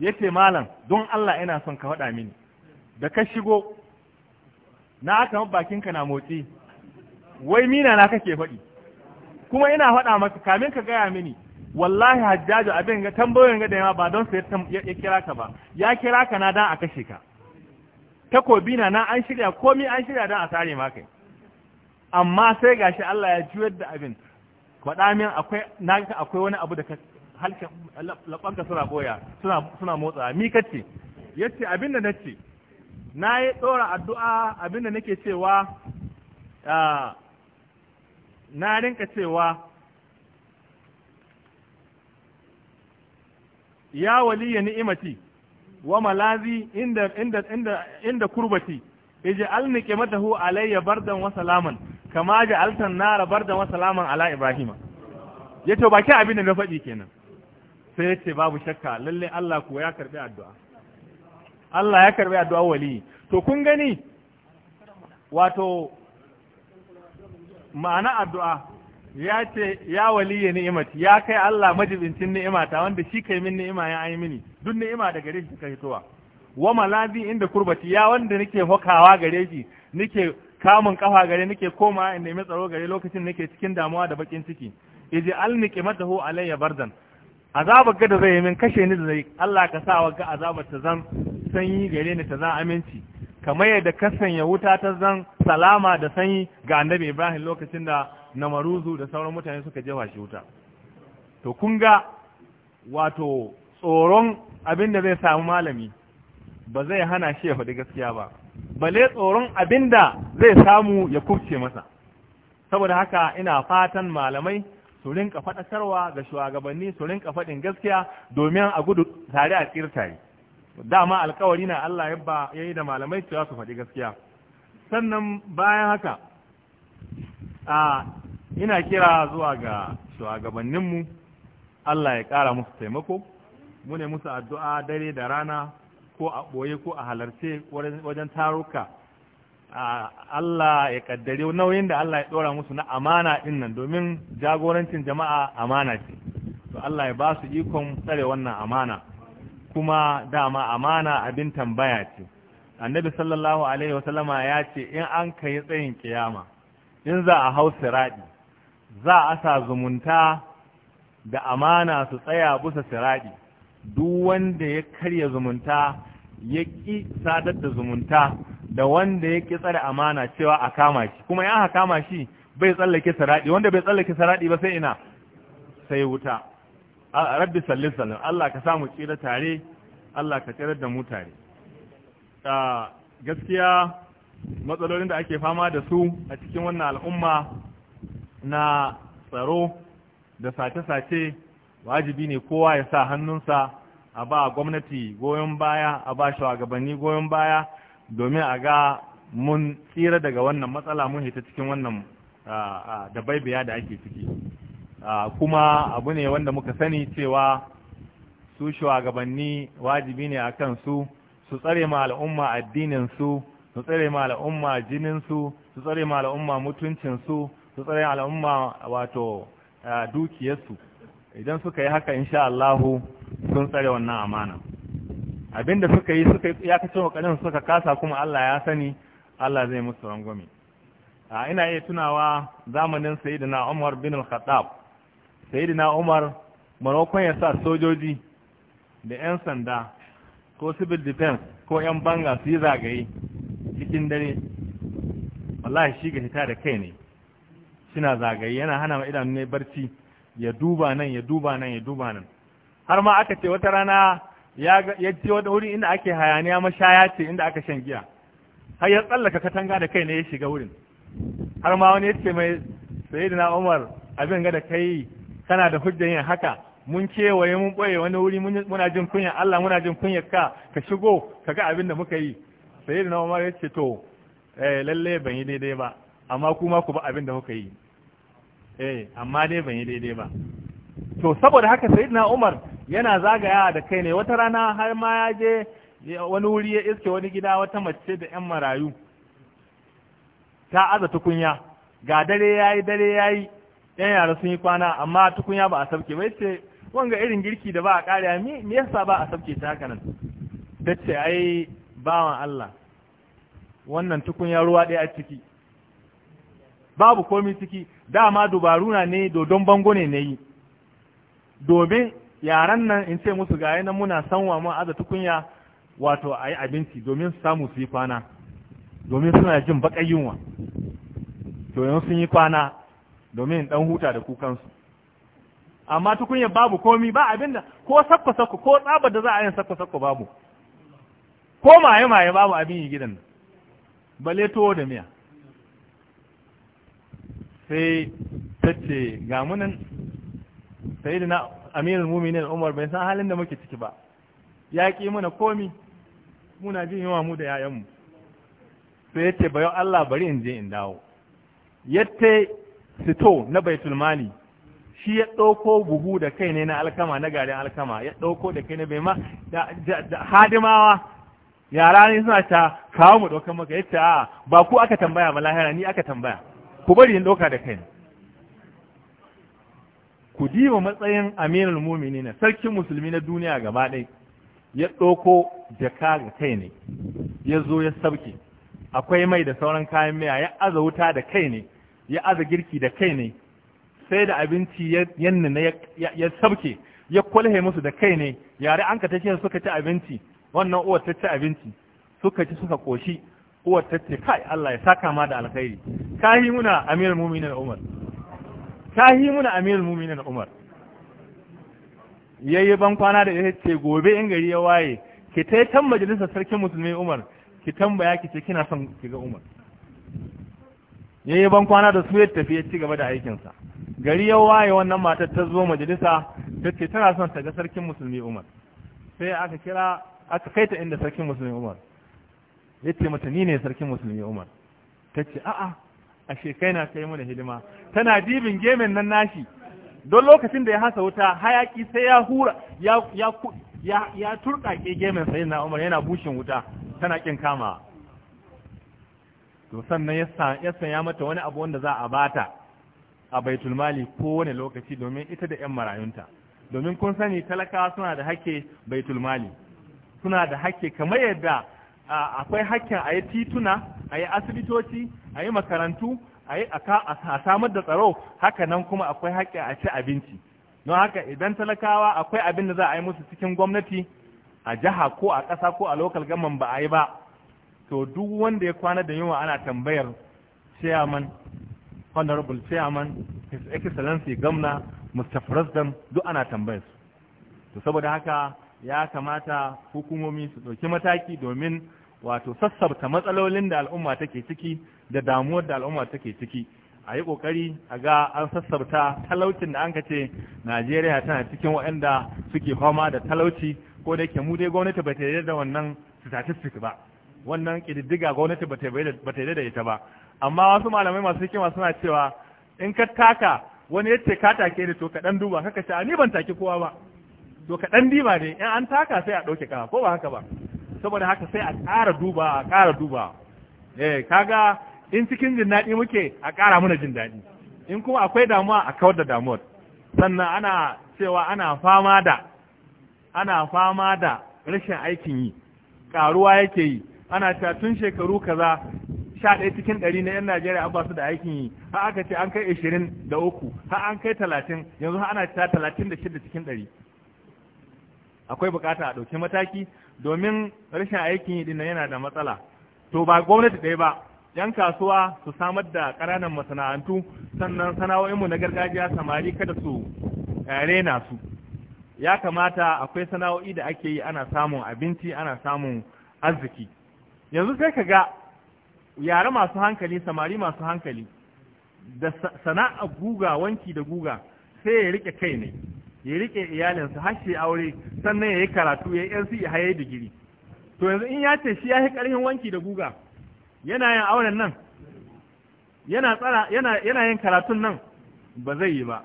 ya ce malam don Allah ina son ka faɗa mini da ka shigo na aka bakinka na motsi wai mina na kake faɗi kuma ina faɗa maka kamin ka gaya mini wallahi hajjaju abin ga tambayoyin ga da yawa ba don sai ya kira ka ba ya kira ka na dan a kashe ka takobi na na an shirya komi an shirya dan a sare ma kai amma sai gashi Allah ya juyar da abin faɗa min akwai na akwai wani abu da labbanka suna boya suna motsa mi kace yace da nace na yi tsora addu'a da nake cewa na rinka cewa ya waliya ni'imati wa malazi inda inda inda inda kurbati ij'alni qimatahu alayya bardan wa salaman kama ja'altan nara bardan wa salaman ala ibrahima yace baki abin da na faɗi kenan sai ya ce babu shakka lalle Allah kuwa ya karbi addu'a Allah ya karbi addu'a wali to kun gani wato ma'ana addu'a ya ce ya wali ya ni'imati ya kai Allah majibincin ni'imata wanda shi kai min ni'ima ya yi mini duk ni'ima da gare shi ka hitowa wa malazi inda kurbati ya wanda nake hokawa gare shi nake kamun kafa gare nake koma in nemi tsaro gare lokacin nake cikin damuwa da bakin ciki iji ij'alni hu alayya bardan azabar ga da zai yi min kashe ni da zai Allah ka sa wa ga azabar ta zan sanyi gare ni ta zan aminci kamar yadda ka sanya wuta ta zan salama da sanyi ga annabi Ibrahim lokacin da namaruzu da sauran mutane suka je shi wuta to kun ga wato tsoron abin da zai samu malami ba zai hana shi ya faɗi gaskiya ba bale tsoron abin da zai samu ya kubce masa saboda haka ina fatan malamai su rinka faɗakarwa ga shugabanni su rinka faɗin gaskiya domin a gudu tare a tsirtare tare dama alkawari na Allah ya yi da malamai cewa su faɗi gaskiya sannan bayan haka a ina kira zuwa ga shugabanninmu Allah ya ƙara musu taimako mu musu addu'a dare da rana ko a ɓoye ko a halarce wajen taruka Allah ya kaddare nauyin da Allah ya dora musu na amana din nan domin jagorancin jama'a amana ce to Allah ya ba su ikon tsare wannan amana kuma dama amana abin tambaya ce annabi sallallahu alaihi wasallama ya ce in an kai tsayin kiyama in za a hau siradi za a sa zumunta da amana su tsaya busa siradi duk wanda ya karya zumunta ya ki sadar da zumunta da wanda ya ƙi tsare amana cewa a kama shi kuma ya kama shi bai tsallake saradi wanda bai tsallake saradi ba sai ina sai wuta rabbi salli sallim Allah ka samu tsira tare Allah ka tsirar da mu tare gaskiya matsalolin da ake fama da su a cikin wannan al'umma na tsaro da sace-sace wajibi ne kowa ya sa hannunsa a ba gwamnati goyon baya a ba shugabanni goyon baya domin a ga mun tsira daga wannan matsala mun hita cikin wannan da da ake ciki kuma abu ne wanda muka sani cewa su shugabanni wajibi ne a su su tsare ma al'umma addinin su su tsare ma al'umma jininsu, su tsare ma al'umma mutuncinsu, su su tsare al'umma wato dukiyarsu idan suka yi haka insha Allahu sun tsare wannan amana abinda suka yi suka ya kace kokarin suka kasa kuma Allah ya sani Allah zai musu rangwami. a ina iya tunawa zamanin sayyidina Umar bin Al-Khattab sayyidina Umar marokon ya sa sojoji da yan sanda ko civil defense ko yan banga su yi zagaye cikin dare wallahi shi ga hita da kai ne suna zagaye yana hana ma idanu ne barci ya duba nan ya duba nan ya duba nan har ma aka ce wata rana ya ce wani wuri inda ake hayaniya mashaya ce inda aka shan giya har ya tsallaka katanga da kai ne ya shiga wurin har ma wani ya ce mai da umar abin ga da kai kana da hujjar yin haka mun kewaye mun ɓoye wani wuri muna jin kunya Allah muna jin kunya ka ka shigo ka ga abin da muka yi sai da Umar ya ce to eh lalle ban yi daidai ba amma kuma ku ba abin da muka yi eh amma dai ban yi daidai ba to saboda haka sayyidina Umar yana zagaya da kai ne wata rana har ma ya je wani wuri ya iske wani gida wata mace da yan marayu ta aza tukunya ga dare yayi dare yayi yan yara sun yi kwana amma tukunya ba a sauke ba ce wanga irin girki da ba a kariya me yasa ba a sauke ta haka nan ce ai bawan Allah wannan tukunya ruwa ɗaya a ciki babu komai ciki dama dubaruna ne dodon bango ne na yi domin yaran nan in ce musu gaya nan muna sanwa mu aza tukunya wato a yi abinci domin su samu su yi kwana domin suna jin baƙar yunwa to yanzu sun yi kwana domin ɗan huta da kukansu amma tukunya babu komi ba abin da ko sakko-sakko ko tsaba da za a yi sakko-sakko babu ko maye-maye babu abin yi gidan bale tuwo da miya sai ta ce ga munan sayyidina amirul mu'minin Umar bai san halin da muke ciki ba ya ki muna komi muna jin yawa mu da yayan mu sai yace bayo Allah bari in je in dawo yatte sito na baitul mali shi ya ɗauko buhu da kai ne na alkama na garin alkama ya ɗauko da kai ne bai ma da hadimawa yara ne suna ta kawo mu ɗaukar maka yadda a ba ku aka tambaya ba lahira ni aka tambaya ku bari in ɗauka da kai ne ku diba matsayin aminul mumini na sarkin musulmi na duniya gaba ɗai ya ɗauko jaka ga kai ne ya zo ya sauke akwai mai da sauran kayan miya ya aza wuta da kai ne ya aza girki da kai ne sai da abinci yanni na ya sauke ya kwalhe musu da kai ne yare an ka ta ce suka ci abinci wannan uwar ta ci abinci suka ci suka koshi uwar ta ce kai Allah ya saka ma da alkhairi kahi muna amirul mu'minin Umar ta yi muna amirul muminin umar yayi ban kwana da ya ce gobe in gari ya waye ki ta yi tan majalisar sarkin musulmi umar ki tambaya ki ce kina son ki ga umar yayi ban kwana da su ya tafi ya ci gaba da aikinsa gari ya waye wannan matar ta zo majalisa ta ce tana son ta ga sarkin musulmi umar sai aka kira aka kai ta inda sarkin musulmi umar ya ce mata ni ne sarkin musulmi umar ta ce a'a ashe kai na kai mana hidima tana dibin gemen nan nashi don lokacin da ya hasa wuta hayaki sai ya hura ya ya ya, ya turkake gemen sai na Umar yana bushin wuta tana kin kama to sannan ya ya ya mata wani abu wanda za a bata a baitul mali wani lokaci domin ita da ƴan marayunta domin kun sani talakawa suna da hakke baitul mali suna da hakke kamar yadda akwai hakkin a yi tituna a yi asibitoci a yi makarantu a samar da tsaro haka nan kuma akwai hakkin a ci abinci don haka idan talakawa akwai abin da za a yi musu cikin gwamnati a jiha ko a ƙasa ko a lokal gaman ba a yi ba to duk wanda ya kwana da yunwa ana tambayar chairman honorable chairman his excellency gamna mr president duk ana tambayar su to saboda haka ya kamata hukumomi su ɗauki mataki domin wato sassabta matsalolin da al'umma take ciki da damuwar da al'umma take ciki a yi ƙoƙari a ga an sassabta talaucin da an ka ce najeriya tana cikin waɗanda suke fama da talauci ko da yake mu dai gwamnati ba ta yi da wannan statistic ba wannan ƙididdiga gwamnati ba ta yi da ita ba amma wasu malamai masu hikima suna cewa in ka taka wani ya ce ka take ni to ka ɗan duba kaka ce a ni ban take kowa ba to ka ɗan diba ne in an taka sai a ɗauke kawa ko ba haka ba saboda haka sai a ƙara duba a ƙara duba eh kaga in cikin jin daɗi muke a ƙara mana jin daɗi in kuma akwai damuwa a kawar da damuwar sannan ana cewa ana fama da ana fama da rashin aikin yi ƙaruwa yake yi ana cewa tun shekaru kaza sha ɗaya cikin ɗari na 'yan Najeriya an ba su da aikin yi ha aka ce an kai ashirin da uku ha an kai talatin yanzu ana cewa talatin da shida cikin ɗari akwai bukata a ɗauki mataki domin rashin aikin yi dinnan yana da matsala to ba gwamnati ɗaya ba yan kasuwa su samar da ƙananan masana'antu sannan sana'o'inmu na gargajiya samari kada su eh, rena su ya kamata akwai sana'o'i da ake yi ana samun abinci ana samun arziki yanzu sai ka ga yare masu hankali samari masu hankali da sana'a guga wanki da guga sai ya riƙe kai ne ya rike iyalinsa har shi aure sannan ya yi karatu ya yi NC ya yi digiri to yanzu in ya ce shi ya yi karfin wanki da guga yana yin auren nan yana tsara yana yana yin karatun nan ba zai yi ba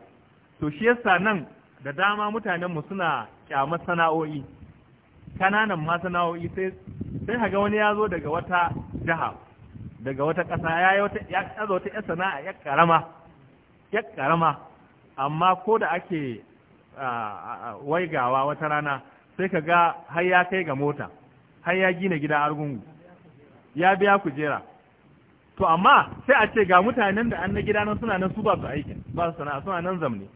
to shi yasa nan da dama mutanen mu suna kyamar sana'o'i kananan ma sana'o'i sai sai haga wani ya zo daga wata jiha daga wata ƙasa ya yi wata ya wata sana'a ya karama ya karama amma ko da ake waigawa wata rana sai ka ga har ya kai ga mota har ya gina gida argungu ya biya kujera to amma sai a ce ga mutanen da an na gida nan suna nan su ba su aikin ba su sana'a suna nan zamne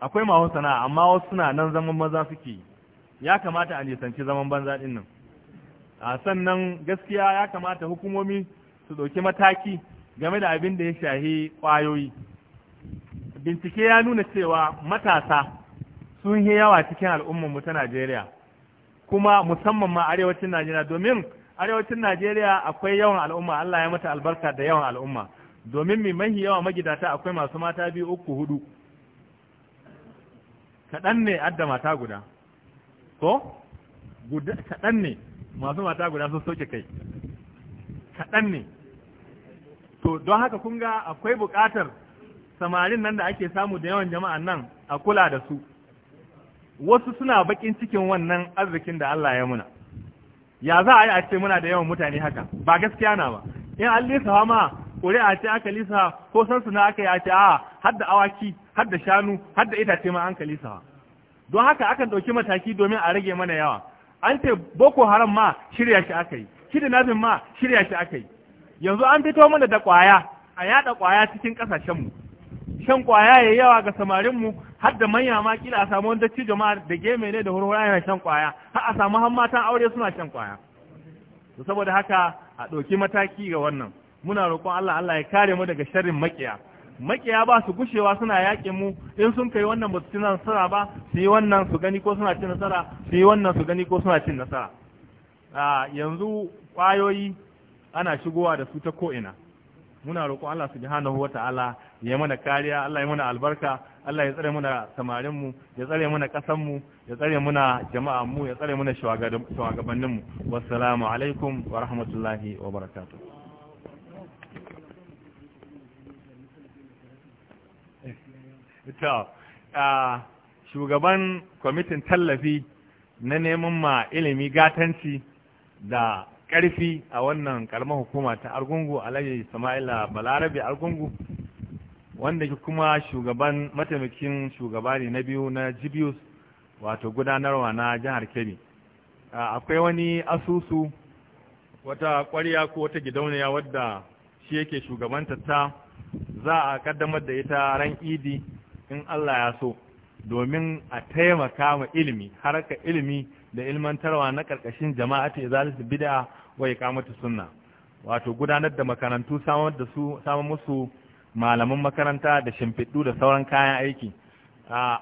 akwai masu sana'a amma wasu suna nan zaman maza suke yi ya kamata a nisanci zaman banza din nan a sannan gaskiya ya kamata hukumomi su ɗauki mataki game da abin da ya shahi ƙwayoyi bincike ya nuna cewa matasa sun yi yawa cikin al'ummarmu ta Najeriya kuma musamman ma arewacin Najeriya domin arewacin Najeriya akwai yawan al'umma Allah ya mata albarka da yawan al'umma domin mai mahi yawa magidata akwai masu mata biyu uku hudu kaɗan ne adda mata guda ko kaɗan ne masu mata guda sun soke kai kaɗan ne to don haka kun ga akwai buƙatar samarin nan da ake samu da yawan jama'an nan a kula da su wasu suna bakin cikin wannan arzikin da Allah ya muna ya za a yi a ce muna da yawan mutane haka ba gaskiya na ba in an lisa ma ƙuri'a ce aka lisa ko san suna aka yi a ce a hadda awaki hadda shanu hadda itace ma an ka lisa don haka akan ɗauki mataki domin a rage mana yawa an ce boko haram ma shirya shi aka yi kidnapping ma shirya shi aka yi yanzu an fito mana da ƙwaya a yaɗa ƙwaya cikin ƙasashenmu shan kwaya ya yawa ga samarinmu har da manya ma kila a samu wanda ci jama'a da geme ne da hurhura yana shan kwaya har a samu har matan aure suna shan kwaya to saboda haka a ɗauki mataki ga wannan muna roƙon Allah Allah ya kare mu daga sharrin makiya makiya ba su gushewa suna yaƙe mu in sun kai wannan ba su ci nasara ba su yi wannan su gani ko suna cin nasara su yi wannan su gani ko suna cin nasara yanzu ƙwayoyi ana shigowa da su ta ko'ina muna roƙon Allah subhanahu wata'ala ya mana kariya Allah ya mana albarka Allah ya tsare mana samarin mu ya tsare mana kasan mu ya tsare mana jama'an mu ya tsare mana shugabannin mu wassalamu alaikum wa rahmatullahi wa barakatuh a shugaban kwamitin tallafi na neman ma ilimi gatanci da ƙarfi a wannan karamar hukuma ta argungu alhaji sama'ila balarabe argungu wanda kuma shugaban mataimakin shugaba ne na biyu na jibius wato gudanarwa na jihar kebbi akwai wani asusu wata kwarya ko wata gidauniya wadda shi yake shugabanta ta za a kaddamar da ita ran idi in allah ya so domin a taimaka ma ilimi harka ilimi da ilmantarwa na ƙarƙashin jama'atu izalisu bid'a wai kamata sunna wato gudanar da makarantu samar da samar musu malaman makaranta da shimfiɗu da sauran kayan aiki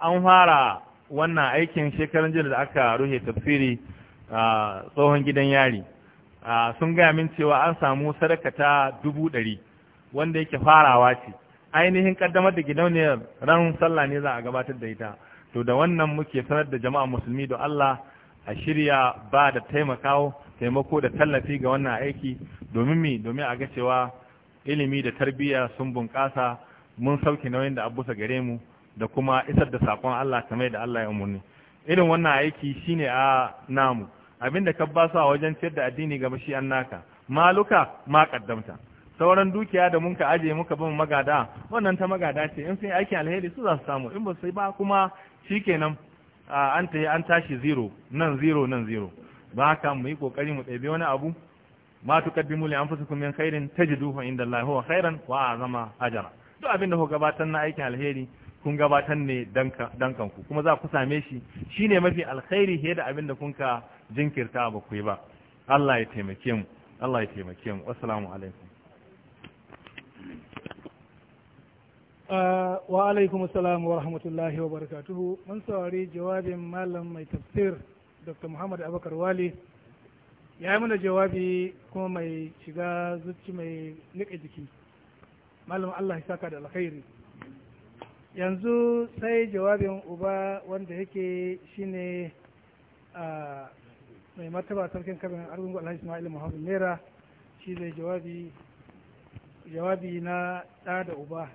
an fara wannan aikin shekarun jiya da aka ruhe tafsiri a tsohon gidan yari sun gaya min cewa an samu sadaka ta dubu ɗari wanda yake farawa ce ainihin kaddamar da gidauniyar ran sallah ne za a gabatar da ita to da wannan muke sanar da jama'a musulmi da Allah a shirya ba da taimakawo taimako da tallafi ga wannan aiki domin mi domin a ga cewa ilimi da tarbiyya sun bunƙasa mun sauke nauyin da abusa gare mu da kuma isar da saƙon Allah ta mai da Allah ya umarni irin wannan aiki shine a namu abinda ka ba su a wajen ciyar da addini ga shi an naka maluka ma kaddamta sauran dukiya da mun ka aje muka bin magada wannan ta magada ce in sun yi aikin alheri su za su samu in ba su ba kuma shikenan an ta an tashi zero nan zero nan zero ba haka mu yi kokari mu ɗebe wani abu ma tuqaddimu li anfusikum min khairin tajiduhu inda Allah huwa khairan wa azama ajra duk abin da ku gabatar na aikin alheri kun gabatar ne dan ku kuma za ku same shi shine mafi alkhairi he da abin da kunka jinkirta ba ku yi ba Allah ya taimake mu Allah ya taimake mu assalamu alaikum ah, wa alaikum assalam wa rahmatullahi wa barakatuhu mun saurari jawabin malam mai tafsir Dr. Muhammad Abakar Wali ya yi mana jawabi kuma mai shiga zuci mai nika jiki malam Allah ya saka da alkhairi yanzu sai jawabin uba wanda yake shine a mai martaba sarkin kabin argungu alhaji ismail muhammad naira shi zai jawabi jawabi na ɗa da uba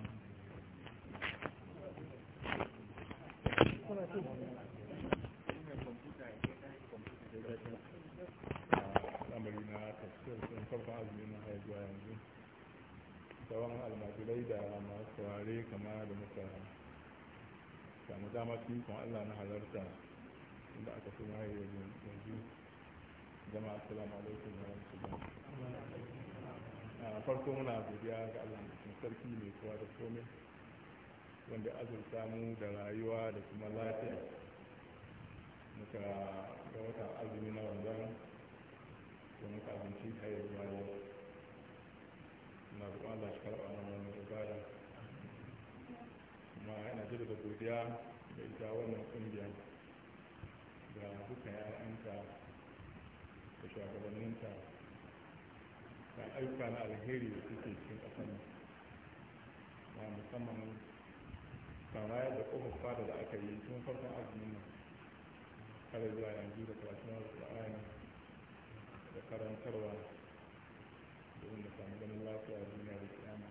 na tafsir sun farko azumi na haihuwa yanzu tsawon almajirai da masu saurare kama da muka samu dama su yi allah na halarta inda aka fi mahaye yanzu zama assalamu alaikum wa rahmatullahi a farko muna godiya ga allah mutum sarki mai kowa da komai wanda azurta mu da rayuwa da kuma lafiya muka ga wata azumi na wanzan don abinci ta yi zuwa yau na roƙon Allah shi karɓa na wani ibada kuma yana jira da godiya da ita wannan ƙungiya da dukkan ya'yanta da shugabanninta da aika na alheri da suke cikin ƙasar na musamman kamar da ƙofar fada da aka yi tun farkon azumin nan har zuwa yanzu da karatun alƙur'ani da karantarwa domin da samu ganin lafiya duniya da kiyama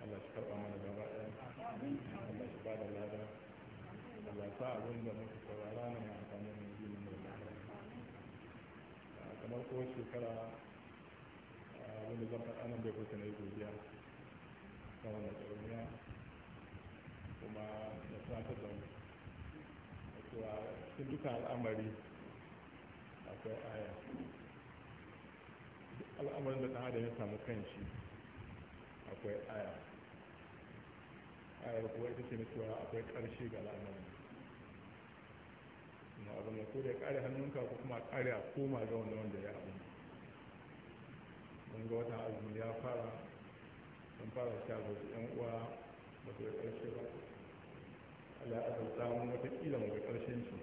Allah shi karɓa mana gaba ɗaya Allah shi ba da lada Allah sa abin da muka saurara na mai amfani mai jini mai lada ah, kamar kowace shekara ah, abin da zan faɗa nan bai kusa na yi godiya ta wanda tsaroniya kuma da sata da cewa cikin duka al'amari akwai aya al'amarin da ɗan adam ya samu kanshi akwai aya ayar kuwa ita ce na cewa akwai ƙarshe ga al'amarin na abin da ko da ya ƙare hannunka ko kuma ƙare a koma ga wanda wanda ya abin mun ga wata azumi ya fara sun fara sha ba su yan uwa ba su ƙarshe ba ala azal samun watakila mu ga ƙarshen shi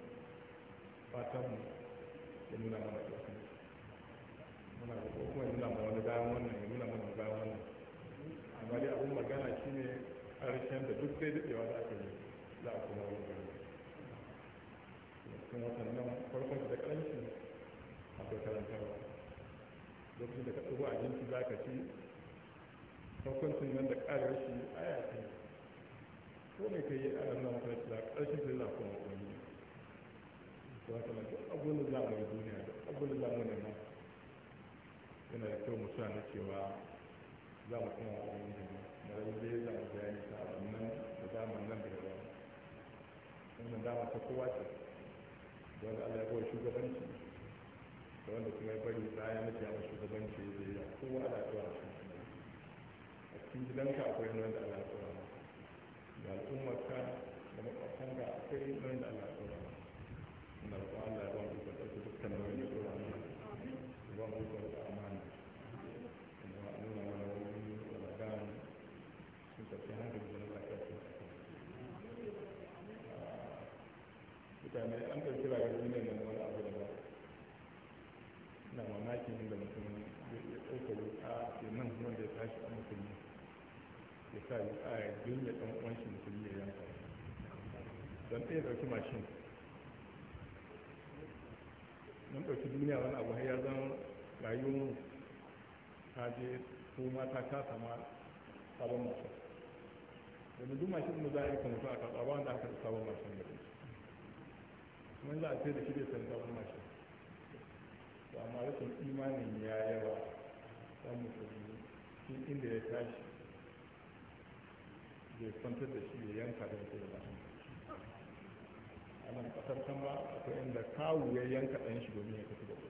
fatan mu ya nuna mana ƙarshen muna da ko kuma nuna mana wani bayan wannan ya nuna mana bayan wannan amma dai abin magana ne harshen da duk sai daɗewa da aka yi za a kuma wani gari kuma sannan farkon da ƙarshe akwai karantarwa lokacin da ka a abinci za ka ci hukuncin nan da ƙarar shi aya ce ko ne ka yi ana nan kwanci da ƙarshen sai za kuma wani ba ta na duk abin da za mu yi duniya duk abin da za mu nema yana da kyau musa na cewa za mu kuma a wani jama na zai za mu bayani ta wannan da zaman nan da yawa wannan dama ta kowa ce da wanda allah ya kawai shugabanci da wanda kuma ya bari baya na jawo shugabanci yi ya kowa ala tsawar shi a cikin gidanka akwai wanda ala tsawar da al'ummarka da makwabtanka akwai wanda ala tsawar mai an ɗauki rayuwar duniyar nan wani abu da ba na mamakin da mutum ya ɗauka wuƙa ke nan wanda ya tashi a musulmi ya sa wuƙa ya jirya ɗan uwanshi musulmi ya yanka don ɗaya ɗauki mashin mun ɗauki duniya wani abu har ya zama rayuwar ta je ko mata ta sama sabon mashin domin duk mashin mu za a yi kamar a karɓa wanda aka sabon mashin da kuma mun za a ce da shi da san kuma mashi to amma rashin imanin ya yawa dan musulmi shi inda ya tashi da kwantar da shi ya yanka da mutum ba a nan kasar kan ba akwai inda kawu ya yanka ɗan shi domin ya tafi da shi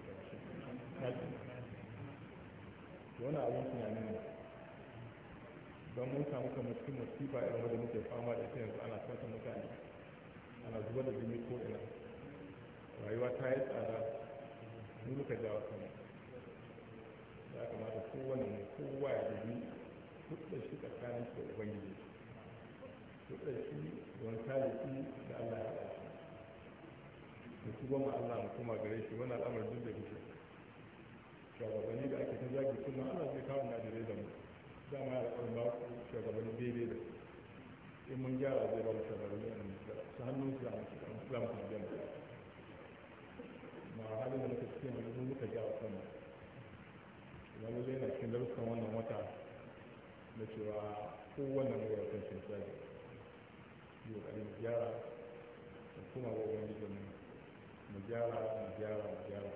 wani abin tunanin ne don mun samu kamar cikin masifa irin wanda muke fama da ita yanzu ana sata mutane ana zubar da jini ko ina rayuwa ta yi tsada mu muka jawo kama. ya kamata kowane mai kowa ya dubi kudda shi tsakanin da ubangiji kudda shi wani taliki da allah ya haɗa shi da su goma allah mu koma gare shi wani al'amar duk da kuke shugabanni da ake ta zagi kuma allah zai kawo dare da mu dama ya alƙawarin ba ku shugabanni daidai da in mun gyara zai ba mu shugabanni a nan su hannun su za mu su za mu ba halin da muka cikin wani mun muka ji a sama. wani zai na cikin darussan wannan wata na cewa kowanne mai yau kan shirka ne yi gyara da kuma wa wani ne, mu gyara mu gyara mu gyara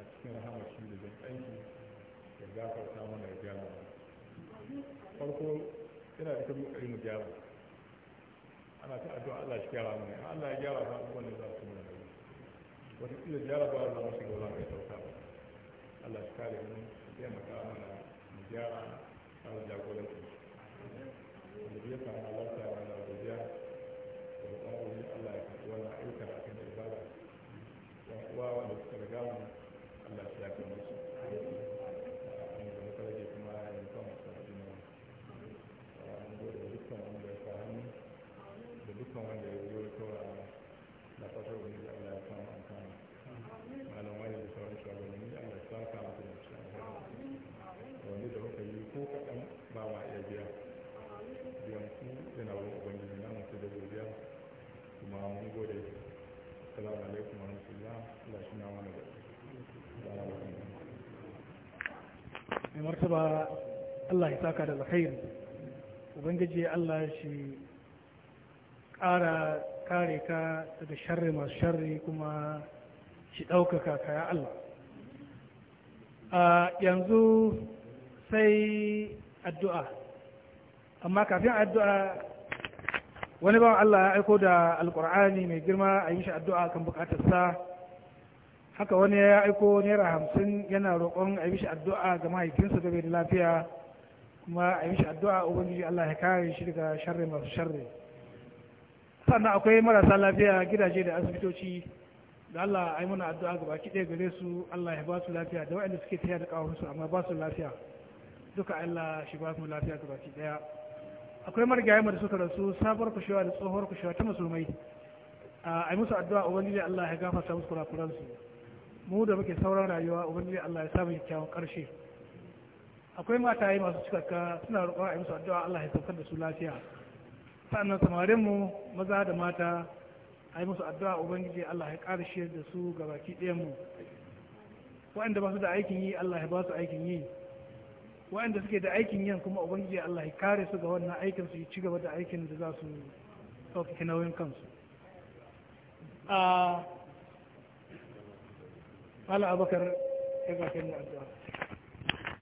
a cikin rahama shi da zan aiki ya gafarta mana ya gyara farko yana da kan mu gyara ana ta addu'a Allah shi gyara mana Allah ya gyara ta abubuwan da za su wataƙila jaraba za mu shiga ba mai sauka ba allah shi kare mu taimaka mana mu gyara tsara jagoranci wanda bai samu halarta wa allah godiya da ba tsara wani allah ya karɓi wani ayyuka a kan ibada yan uwa wanda suka riga mu allah shi ya kai musu martaba Allah ya saka da alkhairi ubangiji Allah shi ƙara kare ka daga sharri masu sharri kuma shi ɗaukaka kaya Allah a yanzu sai addu'a amma kafin addu'a wani bawan Allah ya aiko da alƙur'ani mai girma a yi shi addu'a kan sa. haka wani ya aiko naira hamsin yana roƙon a yi mishi addu'a ga mahaifinsa da bai da lafiya kuma a yi mishi addu'a ubangiji Allah ya kare shi daga sharri masu sharri sannan akwai marasa lafiya gidaje da asibitoci da Allah a yi mana addu'a ga baki ɗaya gare su Allah ya ba su lafiya da waɗanda suke taya da ƙawar amma ba su lafiya duka Allah shi ba su lafiya ga baki ɗaya akwai marigayi da suka rasu sabuwar kushewa da tsohuwar kushewa ta musulmai a yi musu addu'a ubangiji Allah ya gafarta musu kurakuransu mu da muke sauran rayuwa ubangiji Allah ya samu kyakkyawan karshe akwai mataye masu cikakka suna roƙon a yi musu addu'a Allah ya saukar da su lafiya sannan samarin mu maza da mata a yi musu addu'a ubangiji Allah ya karshe da su ga baki ɗayan mu waɗanda ba su da aikin yi Allah ya ba su aikin yi waɗanda suke da aikin yin kuma ubangiji Allah ya kare su ga wannan aikin su ci gaba da aikin da za su sauƙaƙe nauyin kansu ah, قال أبو بكر ابن عبد الله